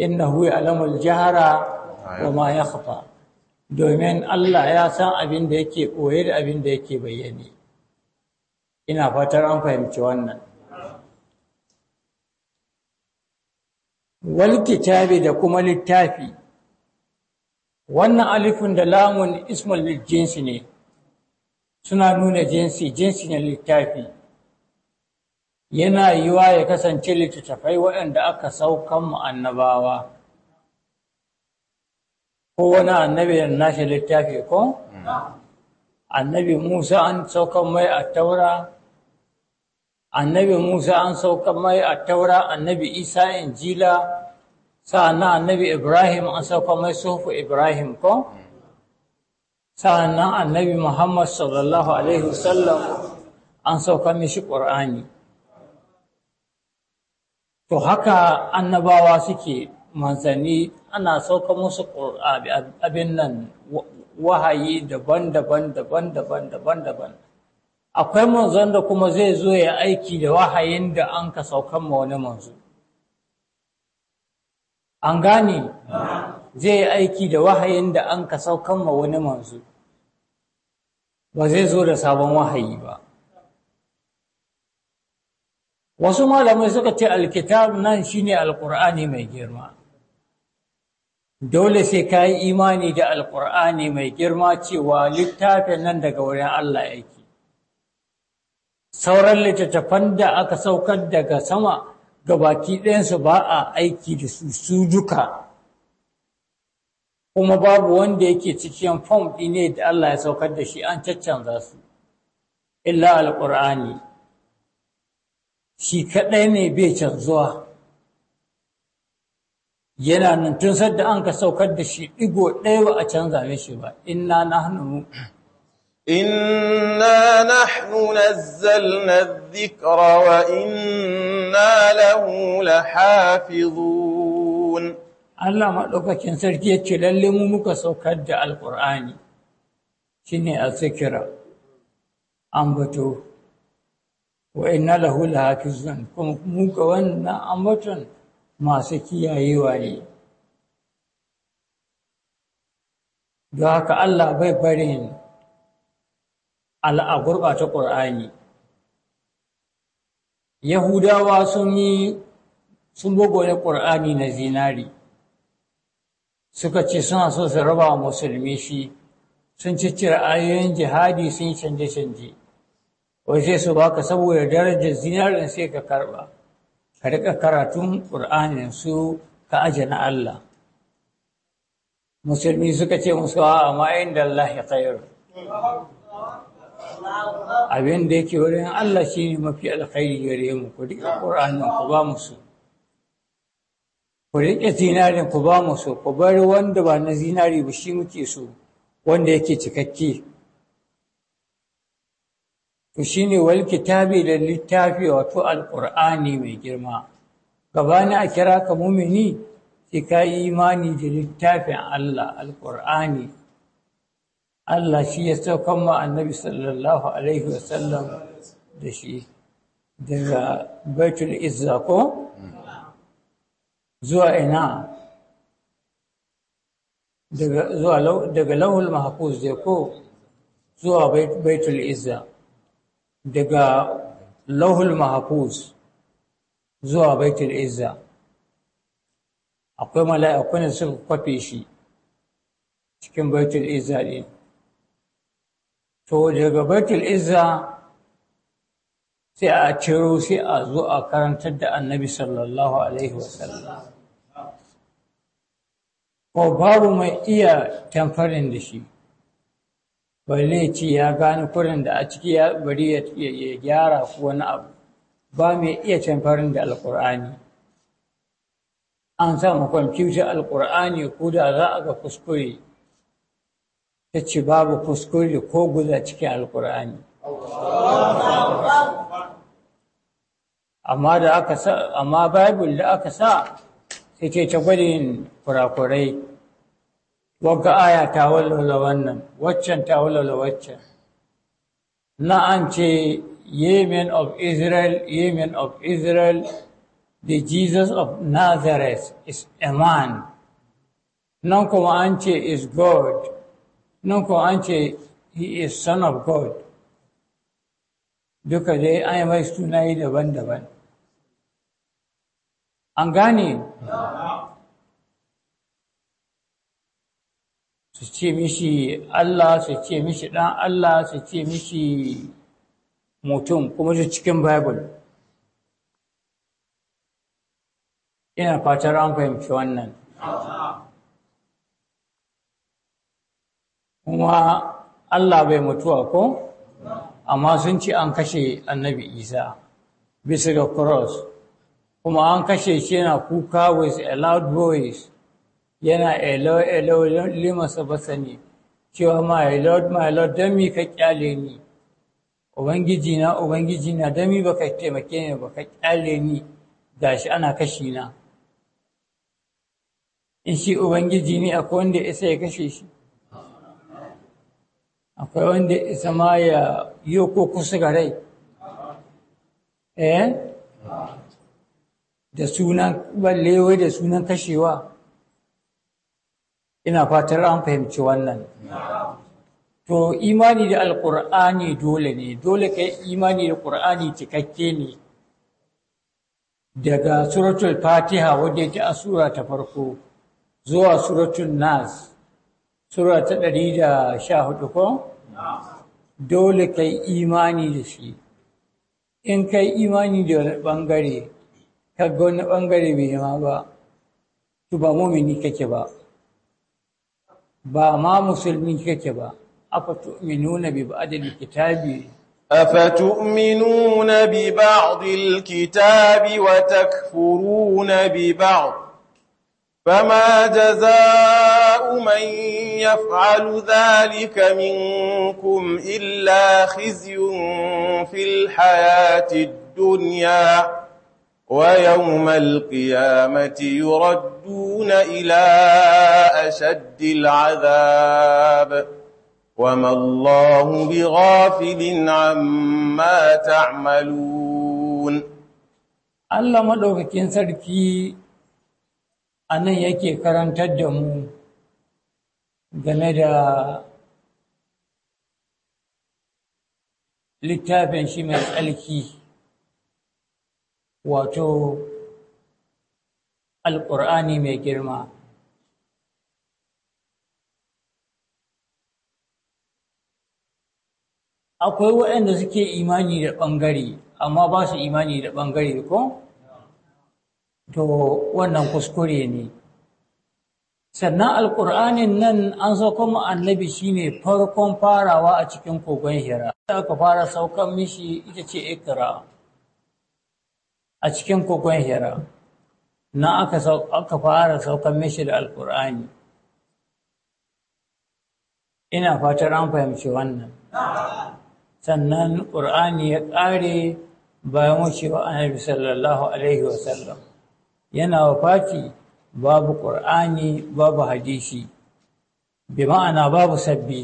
Inna ya alamul jahara wa ma kafa. domin Allah ya san abin da yake koye da abin da yake bayyane ina fatar an fahimci wannan wal kitabi da kuma littafi wannan alifin da lamun ismul jinsi ne suna nuna jinsi jinsi ne littafi yana yiwa ya kasance littattafai waɗanda aka saukan mu annabawa kowane annabi da nashi littafi ko? annabi Musa an saukan mai a taura annabi Musa an saukan mai a taura annabi Isa injila sa'annan annabi Ibrahim an saukan mai sufu Ibrahim ko? sa'annan annabi Muhammad sallallahu alaihi wasallam an sauka mishi ƙur'ani. To haka annabawa suke manzanni ana sauka musu abin nan wahayi daban-daban daban-daban daban-daban akwai manzon da kuma zai zo ya aiki da wahayin da an ka saukan ma wani manzo an gane zai yi aiki da wahayin da an ka saukan ma wani manzo ba zai zo da sabon wahayi ba wasu malamai suka ce alkitab nan shine alkur'ani mai girma Dole sai ka yi imani da Alƙur'ani mai girma cewa littafin nan daga wurin Allah yake. Sauran littattafan da aka saukar daga sama ga baki ɗayansu ba a aiki da su su duka, kuma babu wanda yake cikin fom ne da Allah ya saukar da shi an caccanza su, illa Alƙur'ani. Shi kaɗai ne bai canzuwa. yana nan tun sadda an ka saukar da shi ɗigo ɗaya ba a canza mishi ba inna nahnu inna nahnu nazzalna dhikra wa inna lahu lahafizun Allah madaukakin sarki yace lalle mu muka saukar da alqur'ani shine al-dhikra ambato wa inna lahu lahafizun kuma mu wannan ambaton masu kiyayewa ne don haka Allah bai barin al'agurba ta ƙur'ani yahudawa sun yi sun gogone ƙur'ani na zinari suka ce suna so su raba musulmi shi sun ciccira ayoyin jihadi sun canje-canje waje su baka saboda darajar zinarin sai ka karɓa. ka riƙa karatun ƙur'anin su ka aje na Allah musulmi suka ce musu a ma'ayin da Allah ya tsayar. abin da yake wurin Allah shi ne mafi alkhairi gare mu ku riƙa ƙur'anin ku ba musu ku riƙe zinarin ku ba musu ku bari wanda ba na zinari ba shi muke so wanda yake cikakke to ne wal kitabi da littafi wato Alƙur'ani mai girma gabani a kira ka mumini sai ka yi imani da littafin Allah Alƙur'ani. Allah shi ya saukan ma annabi sallallahu alaihi wasallam da shi daga baitul izza ko zuwa ina daga zuwa daga lahul mahfuz ko zuwa baitul izza daga Lahul mahafuz zuwa baitul izza akwai mala'iku ne suka kwafe shi cikin baitul izza ɗin to daga baitul izza sai a ciro sai a zo a karantar da annabi sallallahu alaihi wasallam ko babu mai iya tamfarin da shi balle ci ya gani kurin da a ciki ya bari ya gyara ko wani abu ba mai iya canfarin da alkur'ani an samu kwamfutar alkur'ani ko da za a ga kuskure ta ce babu kuskure ko guza cikin alkur'ani amma da amma bible da aka sa sai ce ta gwada yin kurakurai wagga aya ta walwala wannan waccan ta walwala waccan na an ce yemen of israel yemen of israel the jesus of nazareth is a man nan kuma an ce is god nan kuma an he is son of god duka I an yi mai sunayi daban-daban an gane su ce mishi Allah su ce mishi ɗan Allah su ce mishi mutum kuma su cikin Bible. Ina fatar an fahimci wannan. Kuma Allah bai mutuwa ko? Amma sun ce an kashe annabi Isa bisa ga cross. Kuma an kashe shi yana kuka with a loud voice. yana elo elo a lord limansa basani cewa my lord my lord don mi ka kyale ni ubangiji na ubangiji na don mi baka taimake ni baka kyale ni gashi ana kashi na in shi ubangiji ne akwai wanda isa ya kashe shi akwai wanda isa ma ya yi ko kusa ga rai eh da sunan ballewa da sunan kashewa ina fatar an fahimci wannan to imani da alkur'ani dole ne dole kai imani da ƙur'ani cikakke ne daga suratul fatiha wadda yake a sura ta farko zuwa suratul nas sura ta 114 ko dole kai imani da shi in kai imani da wani bangare kaga wani bangare bai ma ba to ba mumini kake ba ba ma Musulmi kake ba afatu'minuna bi ba'dil kitabi afatu'minuna bi ba'dil kitabi wa takfuruna bi ba'd fama jazaa'u man yaf'alu dhalika minkum illa khizyun fil hayati duniya. ويوم القيامة يردون إلى أشد العذاب وما الله بغافل عما تعملون الله مدوكين سركي أنا يكي كران تدمو جميدا لتابن shi الكي wato alƙur'ani mai girma akwai waɗanda suke imani da ɓangare amma ba su imani da ɓangare ko? to wannan kuskure ne sannan alƙur'anin nan an sauka mu shi ne farkon farawa a cikin kogon hira da aka fara saukan mishi ita ce ikra a cikin kokon hira nan aka fara saukan mishi da alkur'ani ina fatar an fahimci wannan sannan ƙur'ani ya ƙare bayan wucewa annabi sallallahu alaihi wasallam yana wafati babu ƙur'ani babu hadisi bi ma'ana babu sabbi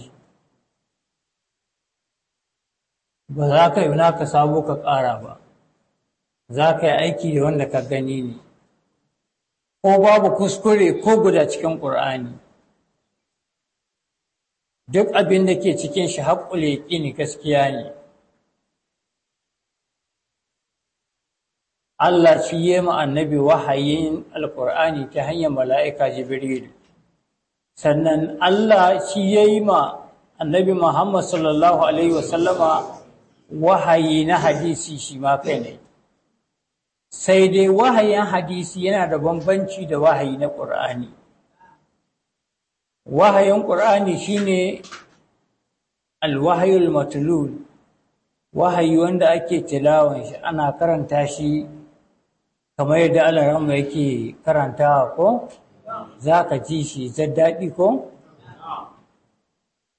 ba za ka yi naka sabo ka ƙara ba za ka yi aiki da wanda ka gani ne ko babu kuskure ko guda cikin ƙur'ani duk abin da ke cikin shi haƙƙule ƙini gaskiya ne Allah shi yi annabi wahayin alƙur'ani ta hanyar mala'ika jibril sannan Allah shi ya yi ma annabi Muhammad sallallahu Alaihi wasallama wahayi na hadisi shi ma kai ne sai dai wahayin hadisi yana da bambanci da wahayi na ƙur'ani wahayin ƙur'ani shi ne alwahayul matlul wahayi wanda ake tilawan shi ana karanta shi kamar yadda alarama yake karantawa ko za ka ji shi daɗi ko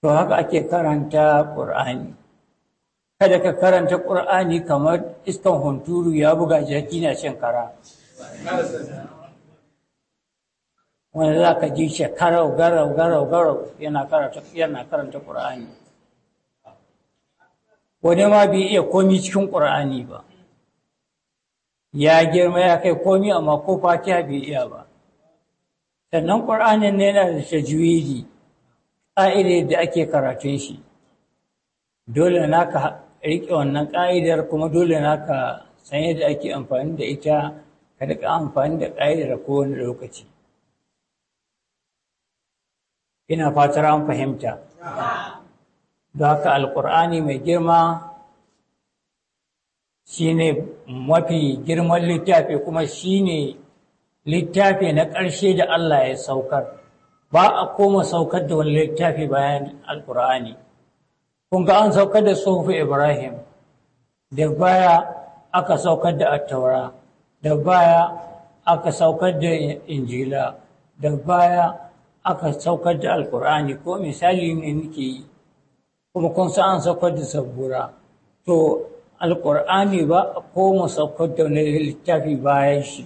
to haka ake karanta ƙur'ani kada ka karanta ƙur'ani kamar iskan hunturu ya buga jaki na shan wani za ka ji shekarau garau garau garau yana karanta ƙur'ani wani ma bai iya komi cikin ƙur'ani ba ya girma ya kai komi amma ko fatiha bai iya ba sannan ƙur'anin ne yana da tajwidi ƙa'ide da ake karatun shi dole na ka riƙe wannan ƙa'idar kuma dole na ka san yadda ake amfani da ita ka riƙa amfani da ƙa'idar kowane lokaci ina fatar an fahimta Da haka alƙur'ani mai girma shi ne mafi girman littafi kuma shi ne littafi na ƙarshe da Allah ya saukar ba a koma saukar da wani littafi bayan alƙur'ani kun ga an saukar da tsohon ibrahim da baya aka saukar da attaura da baya aka saukar da injila da baya aka saukar da alkur'ani ko misali ne nike yi kuma kun san an saukar da sabura to alkur'ani ba ko mu saukar da wani littafi bayan shi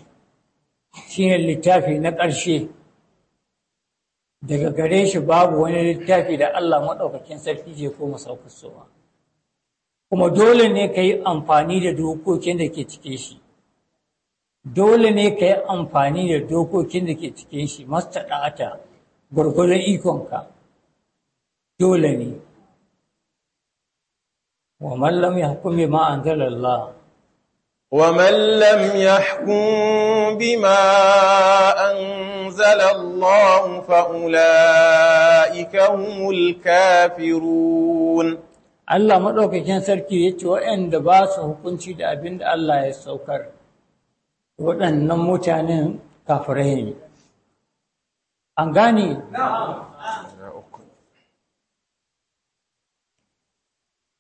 shi ne littafi na ƙarshe daga gare shi babu wani littafi da Allah maɗaukakin sarki ke koma saukarsuwa kuma dole ne ka yi amfani da dokokin da ke cike shi dole ne ka yi amfani da dokokin da ke cike shi masta ɗata gwargwadon ikonka dole ne wa mallam ya kuma ma'anzar Allah Mallam ya يحكم بما أن أنزل الله فأولئك هم الكافرون Allah maɗaukakin sarki ya ce waɗanda ba su hukunci da abin da Allah ya saukar, waɗannan mutanen kafirai ne. An gane?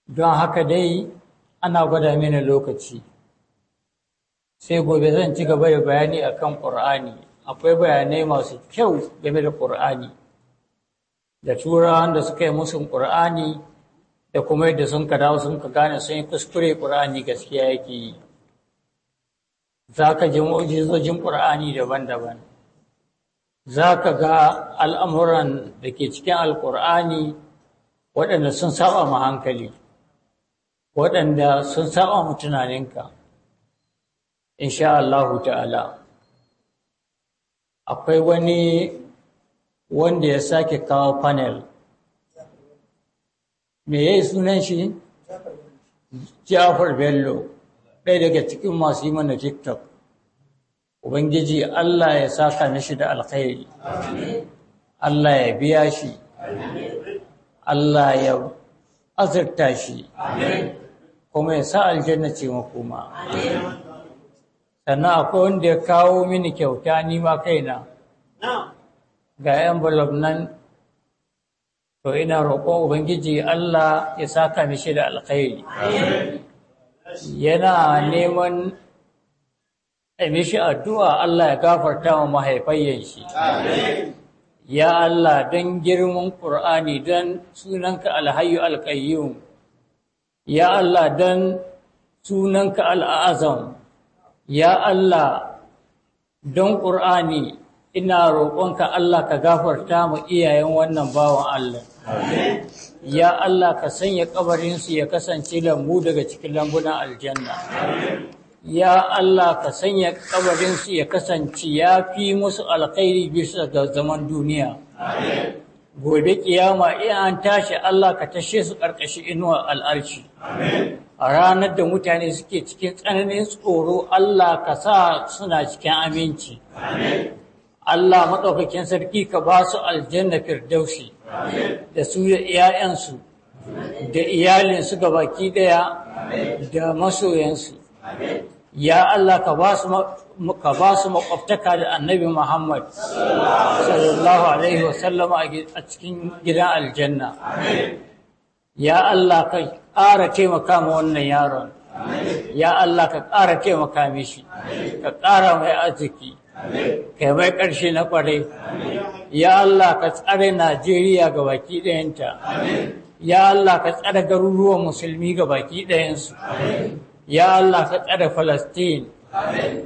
Don haka dai ana gwada mini lokaci, sai gobe zan ci gaba da bayani akan Ƙur'ani, akwai bayanai masu kyau game da ƙur'ani da turawan da suka yi musun ƙur'ani da kuma yadda sun ka dawo sun ka gane sun yi kuskure ƙur'ani gaskiya yake yi za ka ji mu'jizojin ƙur'ani daban-daban za ka ga al'amuran da ke cikin alƙur'ani waɗanda sun saba ma hankali waɗanda sun saba mu tunaninka insha Allahu ta'ala akwai wani wanda ya sake kawo panel me ya yi sunan shi jafar bello ɗaya daga cikin masu yi mana tiktok ubangiji allah ya saka mishi da alkhairi allah ya biya shi allah ya azurta shi kuma ya sa aljanna ce makoma sannan akwai wanda ya kawo mini kyauta nima kaina ga envelope nan to ina roƙon ubangiji Allah ya saka mishi da alkhairi yana neman a mishi addu'a Allah ya gafarta wa mahaifayen shi ya Allah don girman ƙur'ani don sunanka alhayu alƙayyum ya Allah don sunanka al'azam ya Allah don ƙur'ani ina roƙonka Allah ka gafarta mu iyayen wannan bawan Allah ya Allah ka sanya ƙabarinsu ya kasance lambu daga cikin lambunan aljanna ya Allah ka sanya ƙabarinsu ya kasance ya fi musu alkhairi bisa ga zaman duniya gobe kiyama iya an tashi Allah ka tashe su ƙarƙashi inuwar al'arci a ranar da mutane suke cikin tsananin tsoro Allah ka sa suna cikin aminci. Allah maɗaukakin sarki ka ba su aljanna firdausi da su da da iyalinsu ga baki ɗaya da masoyansu. Ya Allah ka ba su makwabtaka da annabi Muhammad sallallahu Alaihi wasallama a cikin gidan aljanna. Ya Allah kai ƙara taimaka ma wannan yaron ya Allah ka ƙara taimaka mishi ka ƙara mai arziki ka mai ƙarshe na ƙwarai ya Allah ka tsare Najeriya ga baki ɗayanta ya Allah ka tsare garuruwan musulmi ga baki ɗayansu ya Allah ka tsare Falastin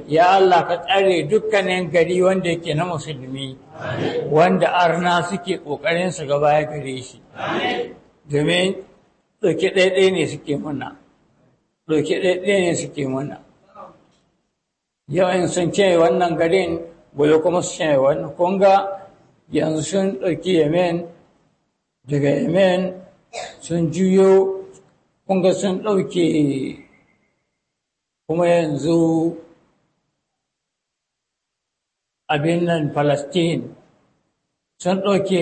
ya Allah ka tsare dukkanin gari wanda yake na musulmi wanda arna suke ƙoƙarin su gaba ya gare shi domin doke ɗaiɗai ne suke muna ɗauke ɗaiɗai ne suke muna yawan sun ce wannan garin gobe kuma su ce wannan kunga yanzu sun ɗauki yemen daga yemen sun juyo kunga sun ɗauke kuma yanzu abin nan palestine sun ɗauke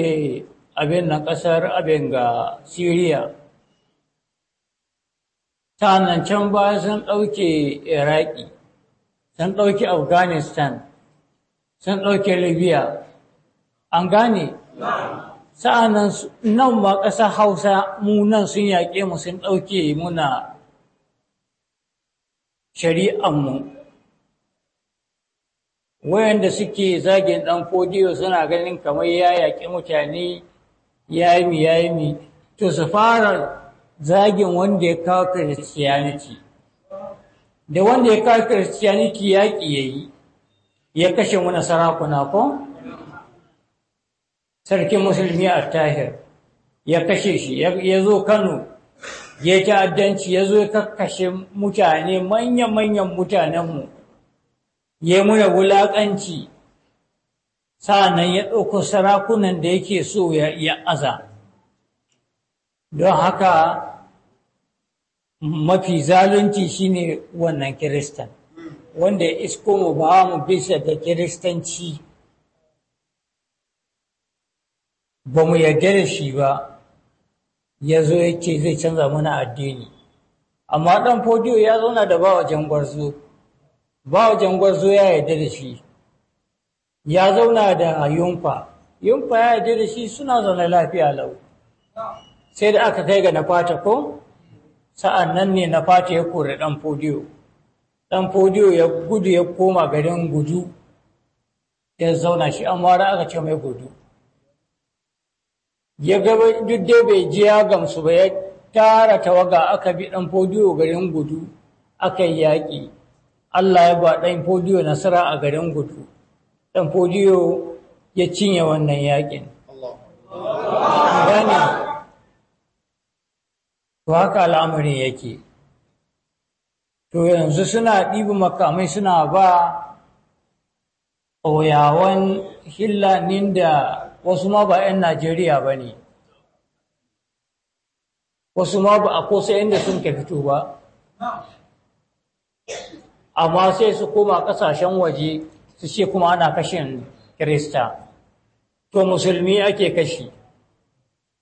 abin nan ƙasar abin ga syria Tanancen can baya sun ɗauke iraki sun ɗauke afghanistan sun ɗauke libya an gane sa'anan nan ba ƙasa hausa mu nan sun yaƙe mu sun ɗauke muna mu. wayanda suke zagin ɗan fodiyo suna ganin kamar ya yaƙi mutane ya yi mi ya yi mi to su fara zagin wanda ya kawo christianity da wanda ya kawo christianity yaƙi ya yi ya kashe wani sarakuna ko sarkin musulmi a tahir ya kashe shi ya zo kano ya ta'addanci ya zo ya kashe mutane manya-manyan mutanenmu ya muna wulaƙanci sa'annan ya ɗauko sarakunan da yake so ya aza don haka mafi zalunci shine wannan kiristan wanda ya isko mu ba mu bisa da kiristanci ba mu yarda da shi ba ya zo ya ce zai canza mana addini amma Dan fodiyo ya zauna da bawa jangwarzo bawa jangwarzo ya yarda da shi ya zauna da yunfa yunfa ya yarda da shi suna zaune lafiya lau sai da aka kai ga na fata ko sa'an nan ne na fata ya kore ɗan fodiyo ɗan fodiyo ya gudu ya koma garin gudu ya zauna shi an wara aka ce mai gudu ya gaba duk dai bai jiya ya gamsu ba ya tara tawaga aka bi ɗan fodiyo garin gudu aka yi yaƙi Allah ya ba ɗan fodiyo nasara a garin gudu ɗan fodiyo ya cinye wannan yaƙin. to haka al'amarin yake to yanzu suna ɗibi makamai suna ba ƙauyawan hillanin da wasu ma ba 'yan najeriya ba ne wasu ma ba a kosa inda sun ka fito ba amma sai su koma ƙasashen waje su ce kuma ana kashin kirista to musulmi ake kashi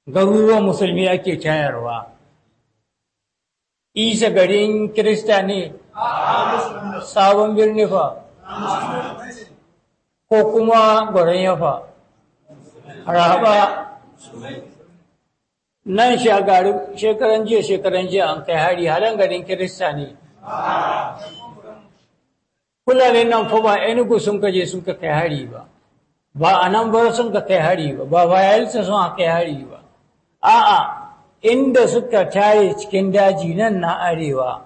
garuruwan musulmi ake tayarwa. isa garin kirista ne sabon birni fa ko kuma gwaron yafa rahaba nan shagarin shekaran jiya shekaran jiya an kai hari halin garin kirista ne fulani nan fa ba enugu sun kaje sun kai hari ba ba a nan bar sun kai hari ba ba bayan sun kai hari ba a'a inda suka tare cikin daji nan na arewa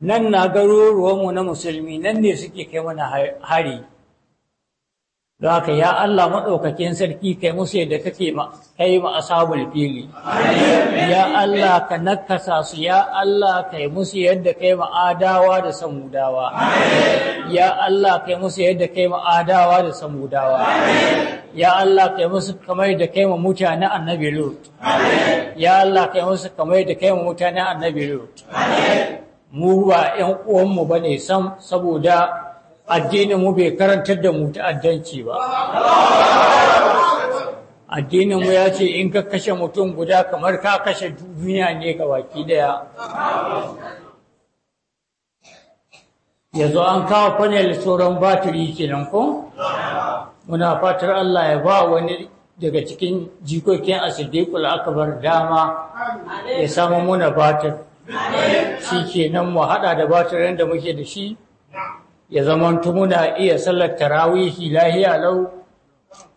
nan na garuruwanmu na musulmi nan ne suke kai mana hari don haka ya Allah maɗaukakin sarki kai musu yadda kake ma kai ma ashabul fili ya Allah ka nakasa su ya Allah kai musu yadda kai ma adawa da samudawa ya Allah kai musu yadda kai ma adawa da samudawa ya Allah kai musu kamar da kai ma mutane annabi lut ya Allah kai musu kamar da kai ma mutane annabi lut mu ba 'yan uwanmu ne sam saboda addinin mu bai karantar da mu ta'addanci ba Addininmu ya ce in ka kashe mutum guda kamar ka kashe duniya ne ga baki daya yanzu an kawo panel sauran batiri kenan ko muna fatar Allah ya ba wani daga cikin jikokin asidikul bar dama ya samu muna batir shi kenan mu haɗa da batirin da muke da shi ya zamantu muna iya sallar tarawihi lahiya lau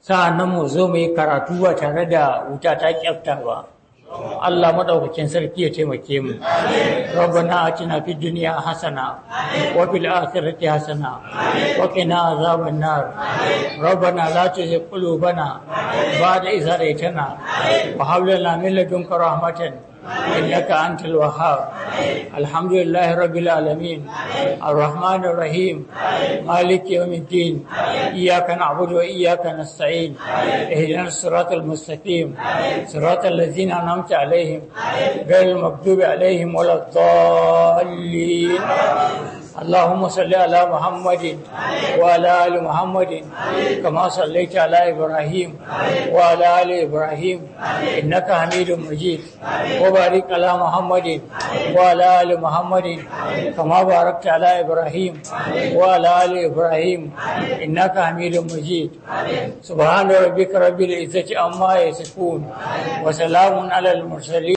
sa'annan mu zo mu karatu ba tare da wuta ta kyafta ba Allah madaukakin sarki ya taimake mu rabbana atina fid dunya hasana wa fil akhirati hasana wa qina azaban nar rabbana la tuzigh qulubana ba'da idh hadaytana wa hab lana min ladunka rahmatan innaka antal wahhab alhamdulillahi rabbil alamin arrahmanir rahim maliki yawmiddin iyyaka na'budu wa iyyaka nasta'in ihdinas siratal mustaqim siratal ladzina an'amta alaihim ghayril maghdubi alaihim waladdallin amin اللهم صل على محمد وعلى آل محمد كما صليت على إبراهيم وعلى آل إبراهيم إنك حميد مجيد وبارك على محمد وعلى آل محمد كما باركت على إبراهيم وعلى آل إبراهيم إنك حميد مجيد سبحان ربك رب العزة عما يصفون وسلام على المرسلين